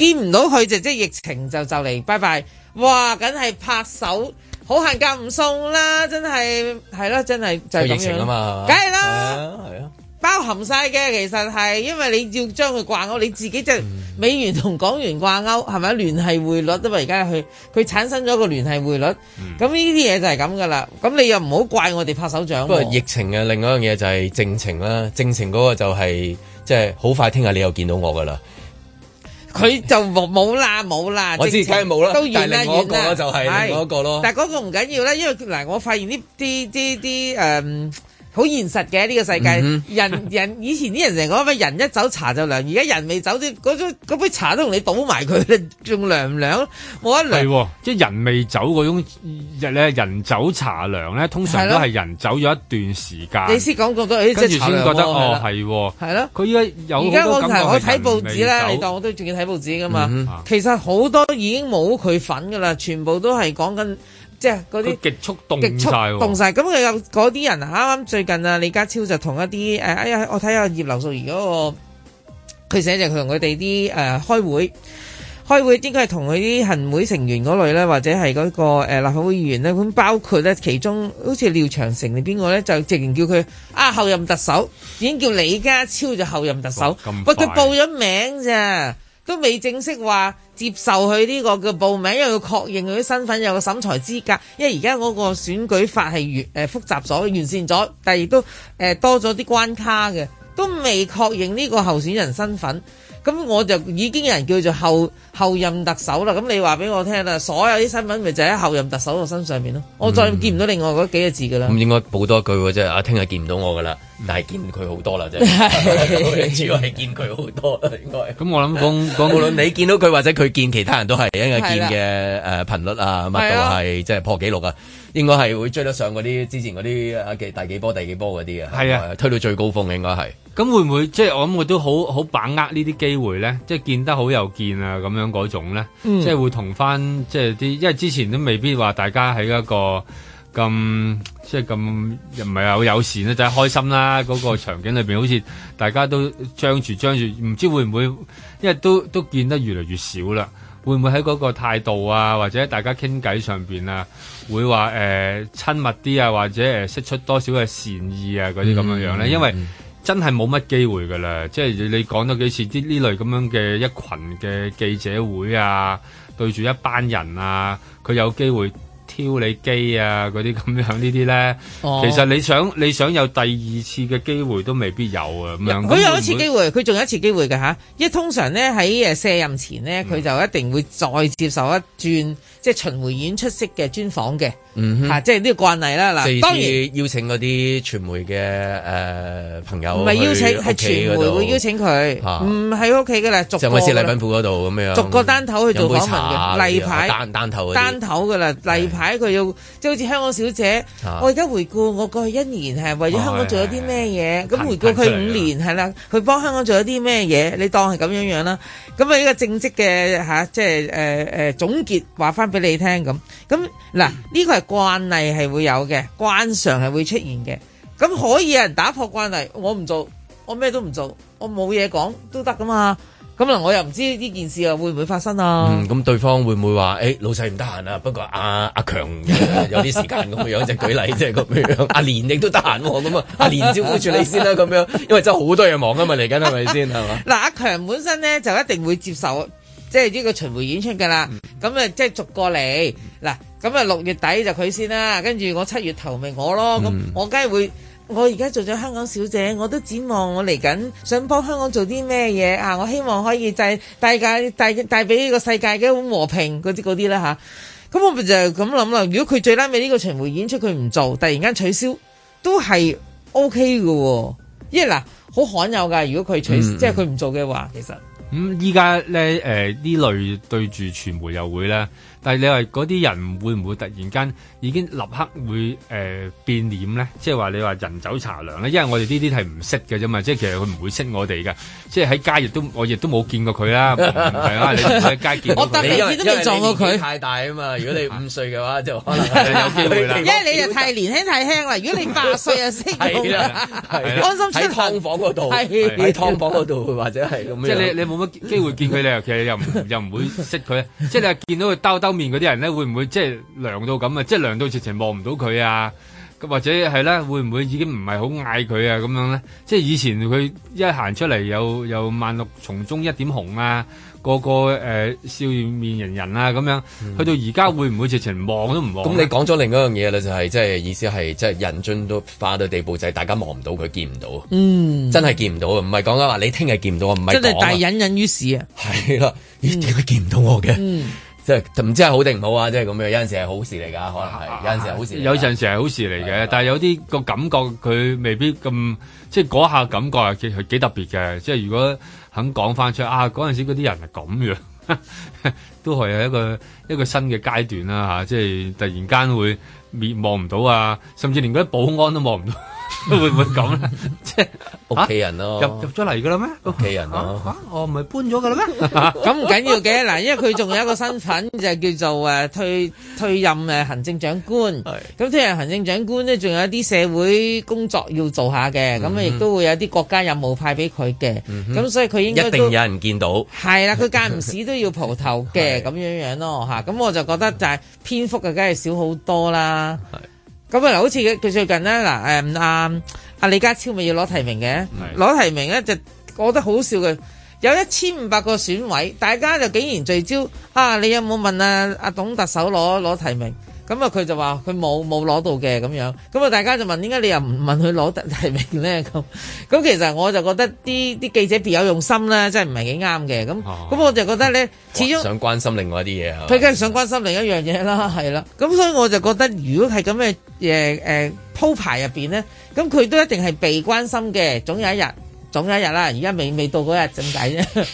見唔到佢就即疫情就就嚟拜拜，哇！梗係拍手，好限隔唔送啦，真係係咯，真係就係疫情啊嘛，梗係啦，係啊，啊包含晒嘅其實係，因為你要將佢掛勾，你自己即係嗯、美元同港元掛勾，係咪啊？聯繫匯率，因為而家佢佢產生咗個聯繫匯率，咁呢啲嘢就係咁噶啦。咁你又唔好怪我哋拍手掌、啊。不過疫情嘅另外一樣嘢就係正情啦，正情嗰個就係、是、即係好快，聽日你又見到我噶啦。佢就冇啦，冇啦，我知梗係冇啦。當然啦，遠、就係、啦。個是但係另一個就係另一個咯。但係嗰個唔緊要啦，因為嗱，我發現呢啲啲啲誒。好現實嘅呢、這個世界，mm hmm. 人人以前啲人成日講咩人一走茶就涼，而家人未走啲嗰、那個、杯茶都同你倒埋佢仲涼唔涼？冇得涼、哦、即係人未走嗰種，你人走茶涼咧，通常都係人走咗一段時間。你先講過嗰，跟住先覺得哦，係的。係咯的，佢依家有而家我睇報紙咧，你當我都仲要睇報紙噶嘛？Mm hmm. 啊、其實好多已經冇佢份噶啦，全部都係講緊。即係嗰啲極速凍曬喎，凍曬咁佢又嗰啲人啱啱最近啊，李家超就同一啲誒，哎呀、哎，我睇下葉劉淑儀嗰個，佢寫就佢同佢哋啲誒開會，開會應該係同佢啲行會成員嗰類咧，或者係嗰個誒立法會議員咧，咁包括咧其中好似廖長城你邊個咧，就直然叫佢啊後任特首，已經叫李家超就後任特首，喂佢報咗名㗎。都未正式話接受佢呢個嘅報名，因為要確認佢啲身份有個審裁資格。因為而家嗰個選舉法係越誒、呃、複雜咗、完善咗，但係亦都誒、呃、多咗啲關卡嘅，都未確認呢個候選人身份。咁我就已經有人叫做後後任特首啦。咁你話俾我聽啦，所有啲新聞咪就喺後任特首嘅身上面咯。我再見唔到另外嗰幾個字噶啦。咁、嗯、應該補多句喎，即係啊，聽日見唔到我噶啦，但係見佢好多啦，即係主要係見佢好多啦， 應該。咁 我諗講講無論你見到佢或者佢見其他人都係一日見嘅誒的、呃、頻率啊，乜都係即係破紀錄啊。應該係會追得上嗰啲之前嗰啲第幾波、第幾波嗰啲是啊，係啊，推到最高峰應該係。咁、就是、會唔會即係我諗，我都好好把握呢啲機會咧？即、就、係、是、見得好有見啊，咁樣嗰種咧、嗯，即係會同翻即係啲，因為之前都未必話大家喺一個咁即係咁又唔係好友善咧，就係、是、開心啦、啊。嗰、那個場景裏邊， 好似大家都張住張住，唔知會唔會，因為都都見得越嚟越少啦。會唔會喺嗰個態度啊，或者大家傾偈上邊啊，會話誒、呃、親密啲啊，或者誒釋出多少嘅善意啊嗰啲咁樣樣咧？嗯嗯、因為真係冇乜機會噶啦，即、就、係、是、你講咗幾次啲呢類咁樣嘅一群嘅記者會啊，對住一班人啊，佢有機會。挑你機啊！嗰啲咁樣呢啲咧，哦、其實你想你想有第二次嘅機會都未必有啊。咁樣佢有一次機會，佢仲有一次機會嘅嚇。因為、啊、通常咧喺誒卸任前呢，佢就一定會再接受一轉、嗯、即係巡迴演出息嘅專訪嘅。嗯哼，即係呢個慣例啦嗱，當然邀請嗰啲傳媒嘅誒朋友，唔係邀請係傳媒會邀請佢，唔喺屋企噶啦，逐個禮品鋪度咁樣，逐個單頭去做訪問嘅，例牌單單頭單頭噶啦，例牌佢要即係好似香港小姐，我而家回顧我過去一年係為咗香港做咗啲咩嘢，咁回顧佢五年係啦，佢幫香港做咗啲咩嘢，你當係咁樣樣啦，咁啊呢個正式嘅吓，即係誒誒總結話翻俾你聽咁，咁嗱呢個係。慣例係會有嘅，慣常係會出現嘅。咁可以有人打破慣例，我唔做，我咩都唔做，我冇嘢講都得噶嘛。咁啊，我又唔知呢件事啊會唔會發生啊？嗯，咁對方會唔會話誒、欸、老細唔得閒啊？不過阿阿強有啲時間咁樣就舉例啫，咁樣。阿連亦都得閒，咁啊，阿連招呼住你、啊、先啦，咁樣，因為真係好多嘢忙啊嘛，嚟緊係咪先係嘛？嗱，阿強、啊啊、本身咧就一定會接受。即係呢個巡回演出噶、嗯、啦，咁啊即係逐過嚟嗱，咁啊六月底就佢先啦，跟住我七月頭咪我咯，咁、嗯、我梗係會，我而家做咗香港小姐，我都展望我嚟緊想幫香港做啲咩嘢啊！我希望可以帶帶介帶帶俾呢個世界嘅好和平嗰啲嗰啲啦吓，咁、啊、我咪就咁諗啦。如果佢最 last 尾呢個巡回演出佢唔做，突然間取消都係 OK 嘅、哦，因為嗱好罕有噶。如果佢取、嗯、即係佢唔做嘅話，其實。咁依家咧，誒、嗯、呢、呃、類對住傳媒又會咧。但係你話嗰啲人會唔會突然間已經立刻會誒、呃、變臉咧？即係話你話人走茶涼咧？因為我哋呢啲係唔識嘅啫嘛，即係其實佢唔會識我哋嘅，即係喺街亦都我亦都冇見過佢啦，係啦、 啊，你喺街見。我第一次都未撞過佢。因為你年紀太大啊嘛， 如果你五歲嘅話就可能就有機會啦。 因為你就太年輕太輕啦，如果你八歲就識， 安心出門。喺劏房嗰度，劏房嗰度或者係咁樣。即係你你冇乜機會見佢，你又其實又又唔會識佢， 即係你見到佢兜兜。方面嗰啲人咧，會唔會即係涼到咁啊？即係涼到直情望唔到佢啊？咁或者係咧，會唔會已經唔係好嗌佢啊？咁樣咧，即係以前佢一行出嚟又又萬綠叢中一點紅啊，個個誒、呃、笑面迎人啊咁樣，去到而家會唔會直情望都唔望？咁你講咗另一樣嘢啦，就係即係意思係即係人尊都化到地步，就係大家望唔到佢，見唔到，嗯，真係見唔到，說說見到隱隱啊！唔係講啊話你聽日見唔到我，唔係講啊，但係大隱隱於市啊，係啦，點解見唔到我嘅？嗯嗯即係唔知係好定唔好啊！即係咁樣，有陣時係好事嚟㗎，可能係有陣時係好事。有陣時係好事嚟嘅，但係有啲個感覺佢未必咁，即係嗰下感覺係幾幾特別嘅。即係如果肯講返出啊，嗰陣時嗰啲人係咁樣，都係一個一個新嘅階段啦吓。即係突然間會滅望唔到啊，甚至連嗰啲保安都望唔到。會唔會咁咧？即係屋企人咯，入入咗嚟噶啦咩？屋企人咯，啊，我唔係搬咗噶啦咩？咁唔緊要嘅，嗱，因為佢仲有一個身份就叫做誒退退任誒行政長官，係咁退任行政長官咧，仲有啲社會工作要做下嘅，咁啊亦都會有啲國家任務派俾佢嘅，咁所以佢應該一定有人見到，係啦，佢間唔時都要蒲頭嘅，咁樣樣咯，吓，咁我就覺得就係篇幅嘅梗係少好多啦，係。咁、嗯、啊，好似佢最近咧，嗱誒阿阿李家超咪要攞提名嘅，攞是的 提名咧，就我覺得好笑嘅，有一千五百個選委，大家就竟然聚焦啊！你有冇問啊啊董特首攞攞提名？咁啊，佢就話佢冇冇攞到嘅咁樣，咁啊大家就問點解你又唔問佢攞提名咧？咁 咁其實我就覺得啲啲記者別有用心啦，真係唔係幾啱嘅。咁咁、啊、我就覺得咧，始終想關心另外一啲嘢啊。佢梗係想關心另一樣嘢啦，係啦。咁所以我就覺得，如果係咁嘅誒誒鋪排入邊咧，咁佢都一定係被關心嘅，總有一日。總有一日啦，啊，而家未未到嗰日正仔啫。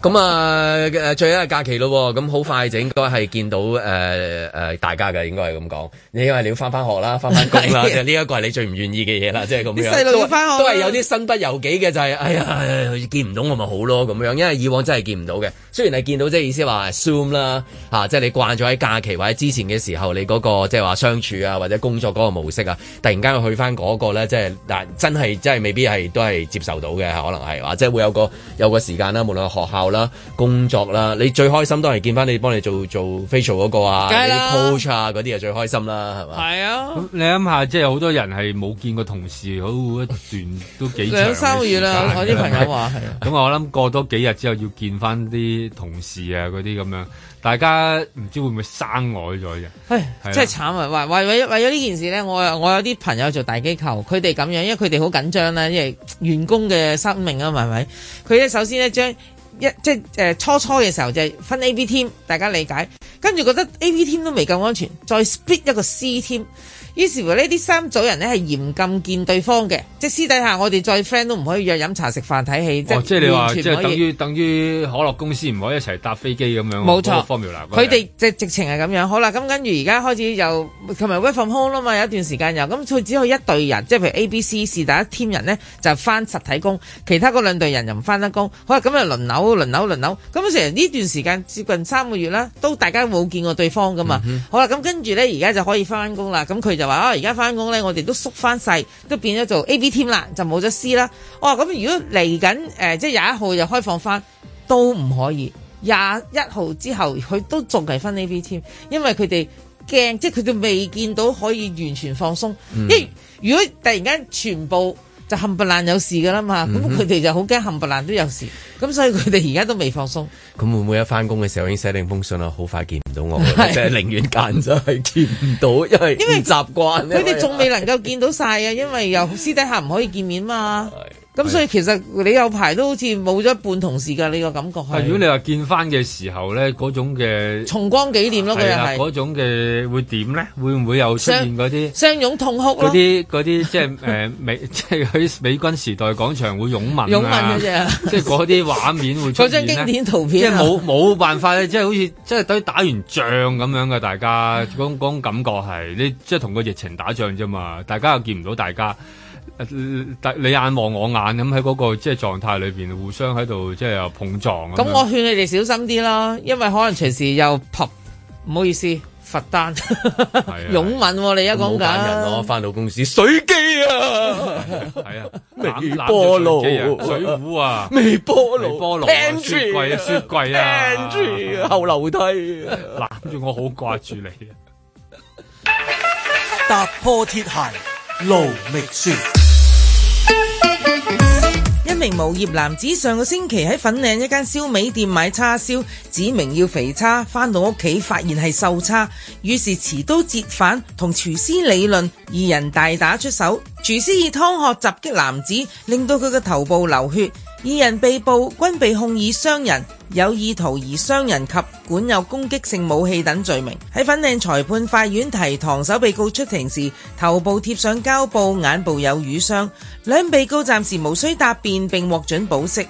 咁 啊，誒，最後一日假期咯，咁好快就應該係見到誒誒，呃呃，大家嘅，應該係咁講。你因為你要翻翻學啦，翻翻工啦，其實呢一個係你最唔願意嘅嘢啦，即係咁樣。細路要翻學，都係有啲身不由己嘅就係、是，哎呀，佢，哎，見唔到我咪好咯咁樣，因為以往真係見唔到嘅。雖然你見到，即係意思話 Zoom 啦，吓，啊，即、就、係、是，你慣咗喺假期或者之前嘅時候，你嗰，那個即係話相處啊，或者工作嗰個模式啊，突然間去翻嗰個咧林，即係嗱，真係真係未必係都係接受。jóvenes 到嘅可能係，或者會有個有個時間啦，無論學校啦、工作啦，你最開心都係見翻你幫你做做 facial 嗰個啊，啲 coach 啊嗰啲啊最開心啦，係咪？係啊，你諗下，即係好多人係冇見過同事好一段都幾收 三個月啦是、啊，我啲朋友話係。咁我諗過多幾日之後要見翻啲同事啊嗰啲咁樣。大家唔知會唔會生我咗啫？唉，真係慘啊！為為為咗呢件事咧，我我有啲朋友做大機構，佢哋咁樣，因為佢哋好緊張啦，因為員工嘅生命啊，係咪？佢咧首先咧將一即係誒、呃、初初嘅時候就分 A、B、T，e a m 大家理解，跟住覺得 A、B、T e a m 都未夠安全，再 split 一個 C、T。e a m 於是乎呢啲三組人咧係嚴禁見對方嘅，即係私底下我哋再 friend 都唔可以約飲茶、食飯、睇戲。哦、即係你話即係等於等於可樂公司唔可以一齊搭飛機咁樣。冇錯，佢哋即係直情係咁樣。好啦，咁跟住而家開始又同埋 work from home 啦嘛，有一段時間又咁佢只可以一隊人，即係譬如 A、B、C 第一 team 人呢，就返實體工，其他嗰兩隊人又唔返得工。好啦，咁就輪流輪流輪流咁成日呢段時間接近三個月啦，都大家冇見過對方噶嘛。嗯、哼好啦，咁跟住咧而家就可以返工啦。咁佢就。而家翻工咧，我哋都縮翻細，都變咗做 A B team 啦，就冇咗 C 啦。哦，話咁，如果嚟緊誒，即係廿一號就開放翻，都唔可以。廿一號之後，佢都仲係分 A B team，因為佢哋驚，即係佢哋未見到可以完全放鬆。即、嗯、如果突然間全部。就冚唪唥有事㗎啦嘛，咁佢哋就好驚冚唪唥都有事，咁所以佢哋而家都未放鬆。佢、嗯、會唔會一返工嘅時候已經寫定封信啦？好快見唔到我，即係的寧願揀咗係見唔到，因為因為習慣。佢哋仲未能夠見到晒啊， 因為又私底下唔可以見面嘛。咁、嗯、所以其實你有排都好似冇咗一半同事㗎，你個感覺係。如果你話見翻嘅時候咧，嗰種嘅重光紀念咯，佢又係嗰種嘅會點咧？會唔會又出現嗰啲相擁痛哭？嗰啲嗰啲即係誒美即係喺美軍時代廣場會擁吻。啊！擁吻嗰隻，即係嗰啲畫面會出現 嗰張經典圖片，啊，即係冇冇辦法咧，即係 好似即係等於打完仗咁樣嘅，大家嗰種嗰種感覺係你即係同個疫情打仗啫嘛，大家又見唔到大家。你眼望我眼咁喺嗰個即係狀態裏邊，互相喺度即係又碰撞。咁我勸你哋小心啲啦，因為可能隨時又撲，唔好意思罰單，擁吻你啊！講緊，我翻到公司水機啊，係啊，微波爐、水壺啊，微波爐、微波爐、雪櫃啊、雪櫃啊、後樓梯。攬住我好掛住你啊！踏破鐵鞋路未雪。一名無業男子上個星期喺粉嶺一間燒味店買叉燒，指明要肥叉，翻到屋企發現係瘦叉，於是持刀折返同廚師理論，二人大打出手，廚師以湯殼襲擊男子，令到佢嘅頭部流血。二人被捕，均被控以傷人、有意圖而傷人及管有攻擊性武器等罪名。喺粉嶺裁判法院提堂，首被告出庭時，頭部貼上膠布，眼部有瘀傷。兩被告暫時無需答辯，並獲准保釋。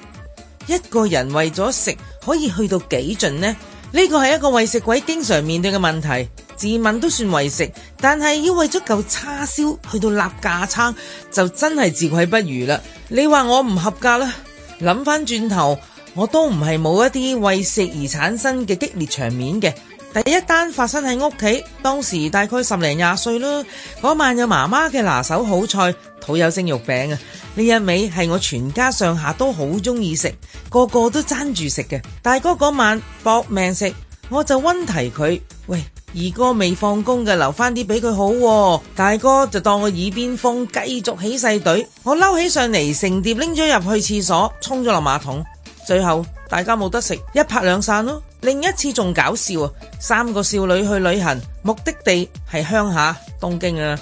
一個人為咗食可以去到幾盡呢？呢個係一個為食鬼經常面對嘅問題。自問都算為食，但係要為咗嚿叉燒去到立架撐，就真係自愧不如啦。你話我唔合格啦？諗翻轉頭，我都唔係冇一啲為食而產生嘅激烈場面嘅。第一單發生喺屋企，當時大概十零廿歲啦。嗰晚有媽媽嘅拿手好菜，土有蒸肉餅啊。呢一味係我全家上下都好中意食，個個都爭住食嘅。大哥嗰晚搏命食，我就溫提佢喂。二哥未放工嘅，留翻啲俾佢好啊。大哥就當個耳邊風，繼續起細隊。我嬲起上嚟，成碟拎咗入去廁所，沖咗落馬桶。最後大家冇得食，一拍兩散咯。另一次仲搞笑啊，三個少女去旅行，目的地係鄉下東京啊。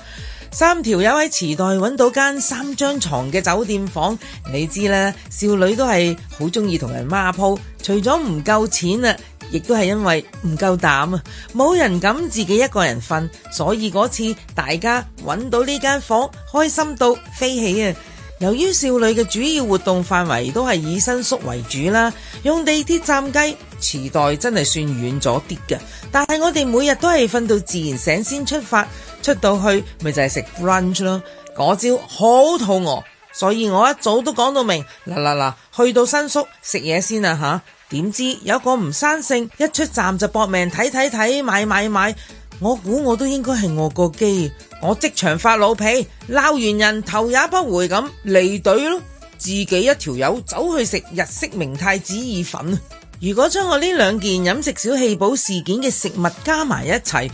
三條友喺池袋揾到間三張床嘅酒店房，你知啦，少女都係好中意同人孖鋪，除咗唔夠錢啊。亦都係因為唔夠膽啊，冇人敢自己一個人瞓，所以嗰次大家揾到呢間房，開心到飛起啊！由於少女嘅主要活動範圍都係以新宿為主啦，用地鐵站雞，池袋真係算遠咗啲嘅。但係我哋每日都係瞓到自然醒先出發，出到去咪就係食 brunch 咯。嗰朝好肚餓，所以我一早都講到明，嗱嗱嗱，去到新宿食嘢先啦吓。點知有個唔生性，一出站就搏命睇睇睇，買買買，我估我都應該係餓過機，我即場發老脾，鬧完人頭也不回咁離隊咯，自己一條友走去食日式明太子意粉。如果將我呢兩件飲食小氣寶事件嘅食物加埋一齊，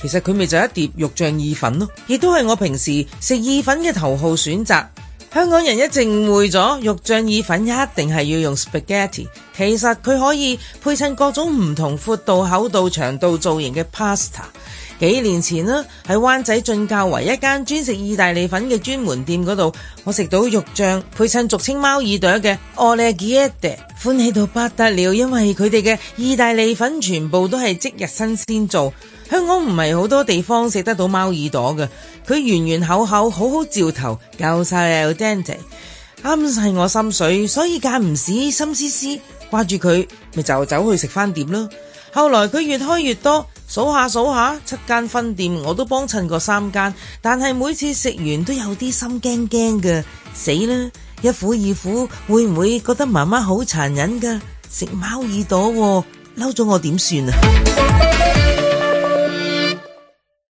其實佢咪就一碟肉醬意粉咯，亦都係我平時食意粉嘅頭號選擇。香港人一直誤會咗肉醬意粉一定係要用 spaghetti，其實佢可以配襯各種唔同闊度、厚度、長度、造型嘅 pasta。幾年前啦，喺灣仔進教圍一間專食意大利粉嘅專門店嗰度，我食到肉醬配襯俗稱貓耳朵嘅 orecchiette，歡喜到不得了，因為佢哋嘅意大利粉全部都係即日新鮮做。香港唔係好多地方食得到貓耳朵嘅，佢圓圓厚厚，好好照頭，夠晒又彈牙，啱晒我心水，所以間唔時，心思思掛住佢，咪就走去食返店啦。後來佢越開越多，數下數下七間分店，我都幫襯過三間，但係每次食完都有啲心驚驚嘅，死啦！一苦二苦，會唔會覺得媽媽好殘忍噶？食貓耳朵，嬲咗我點算啊？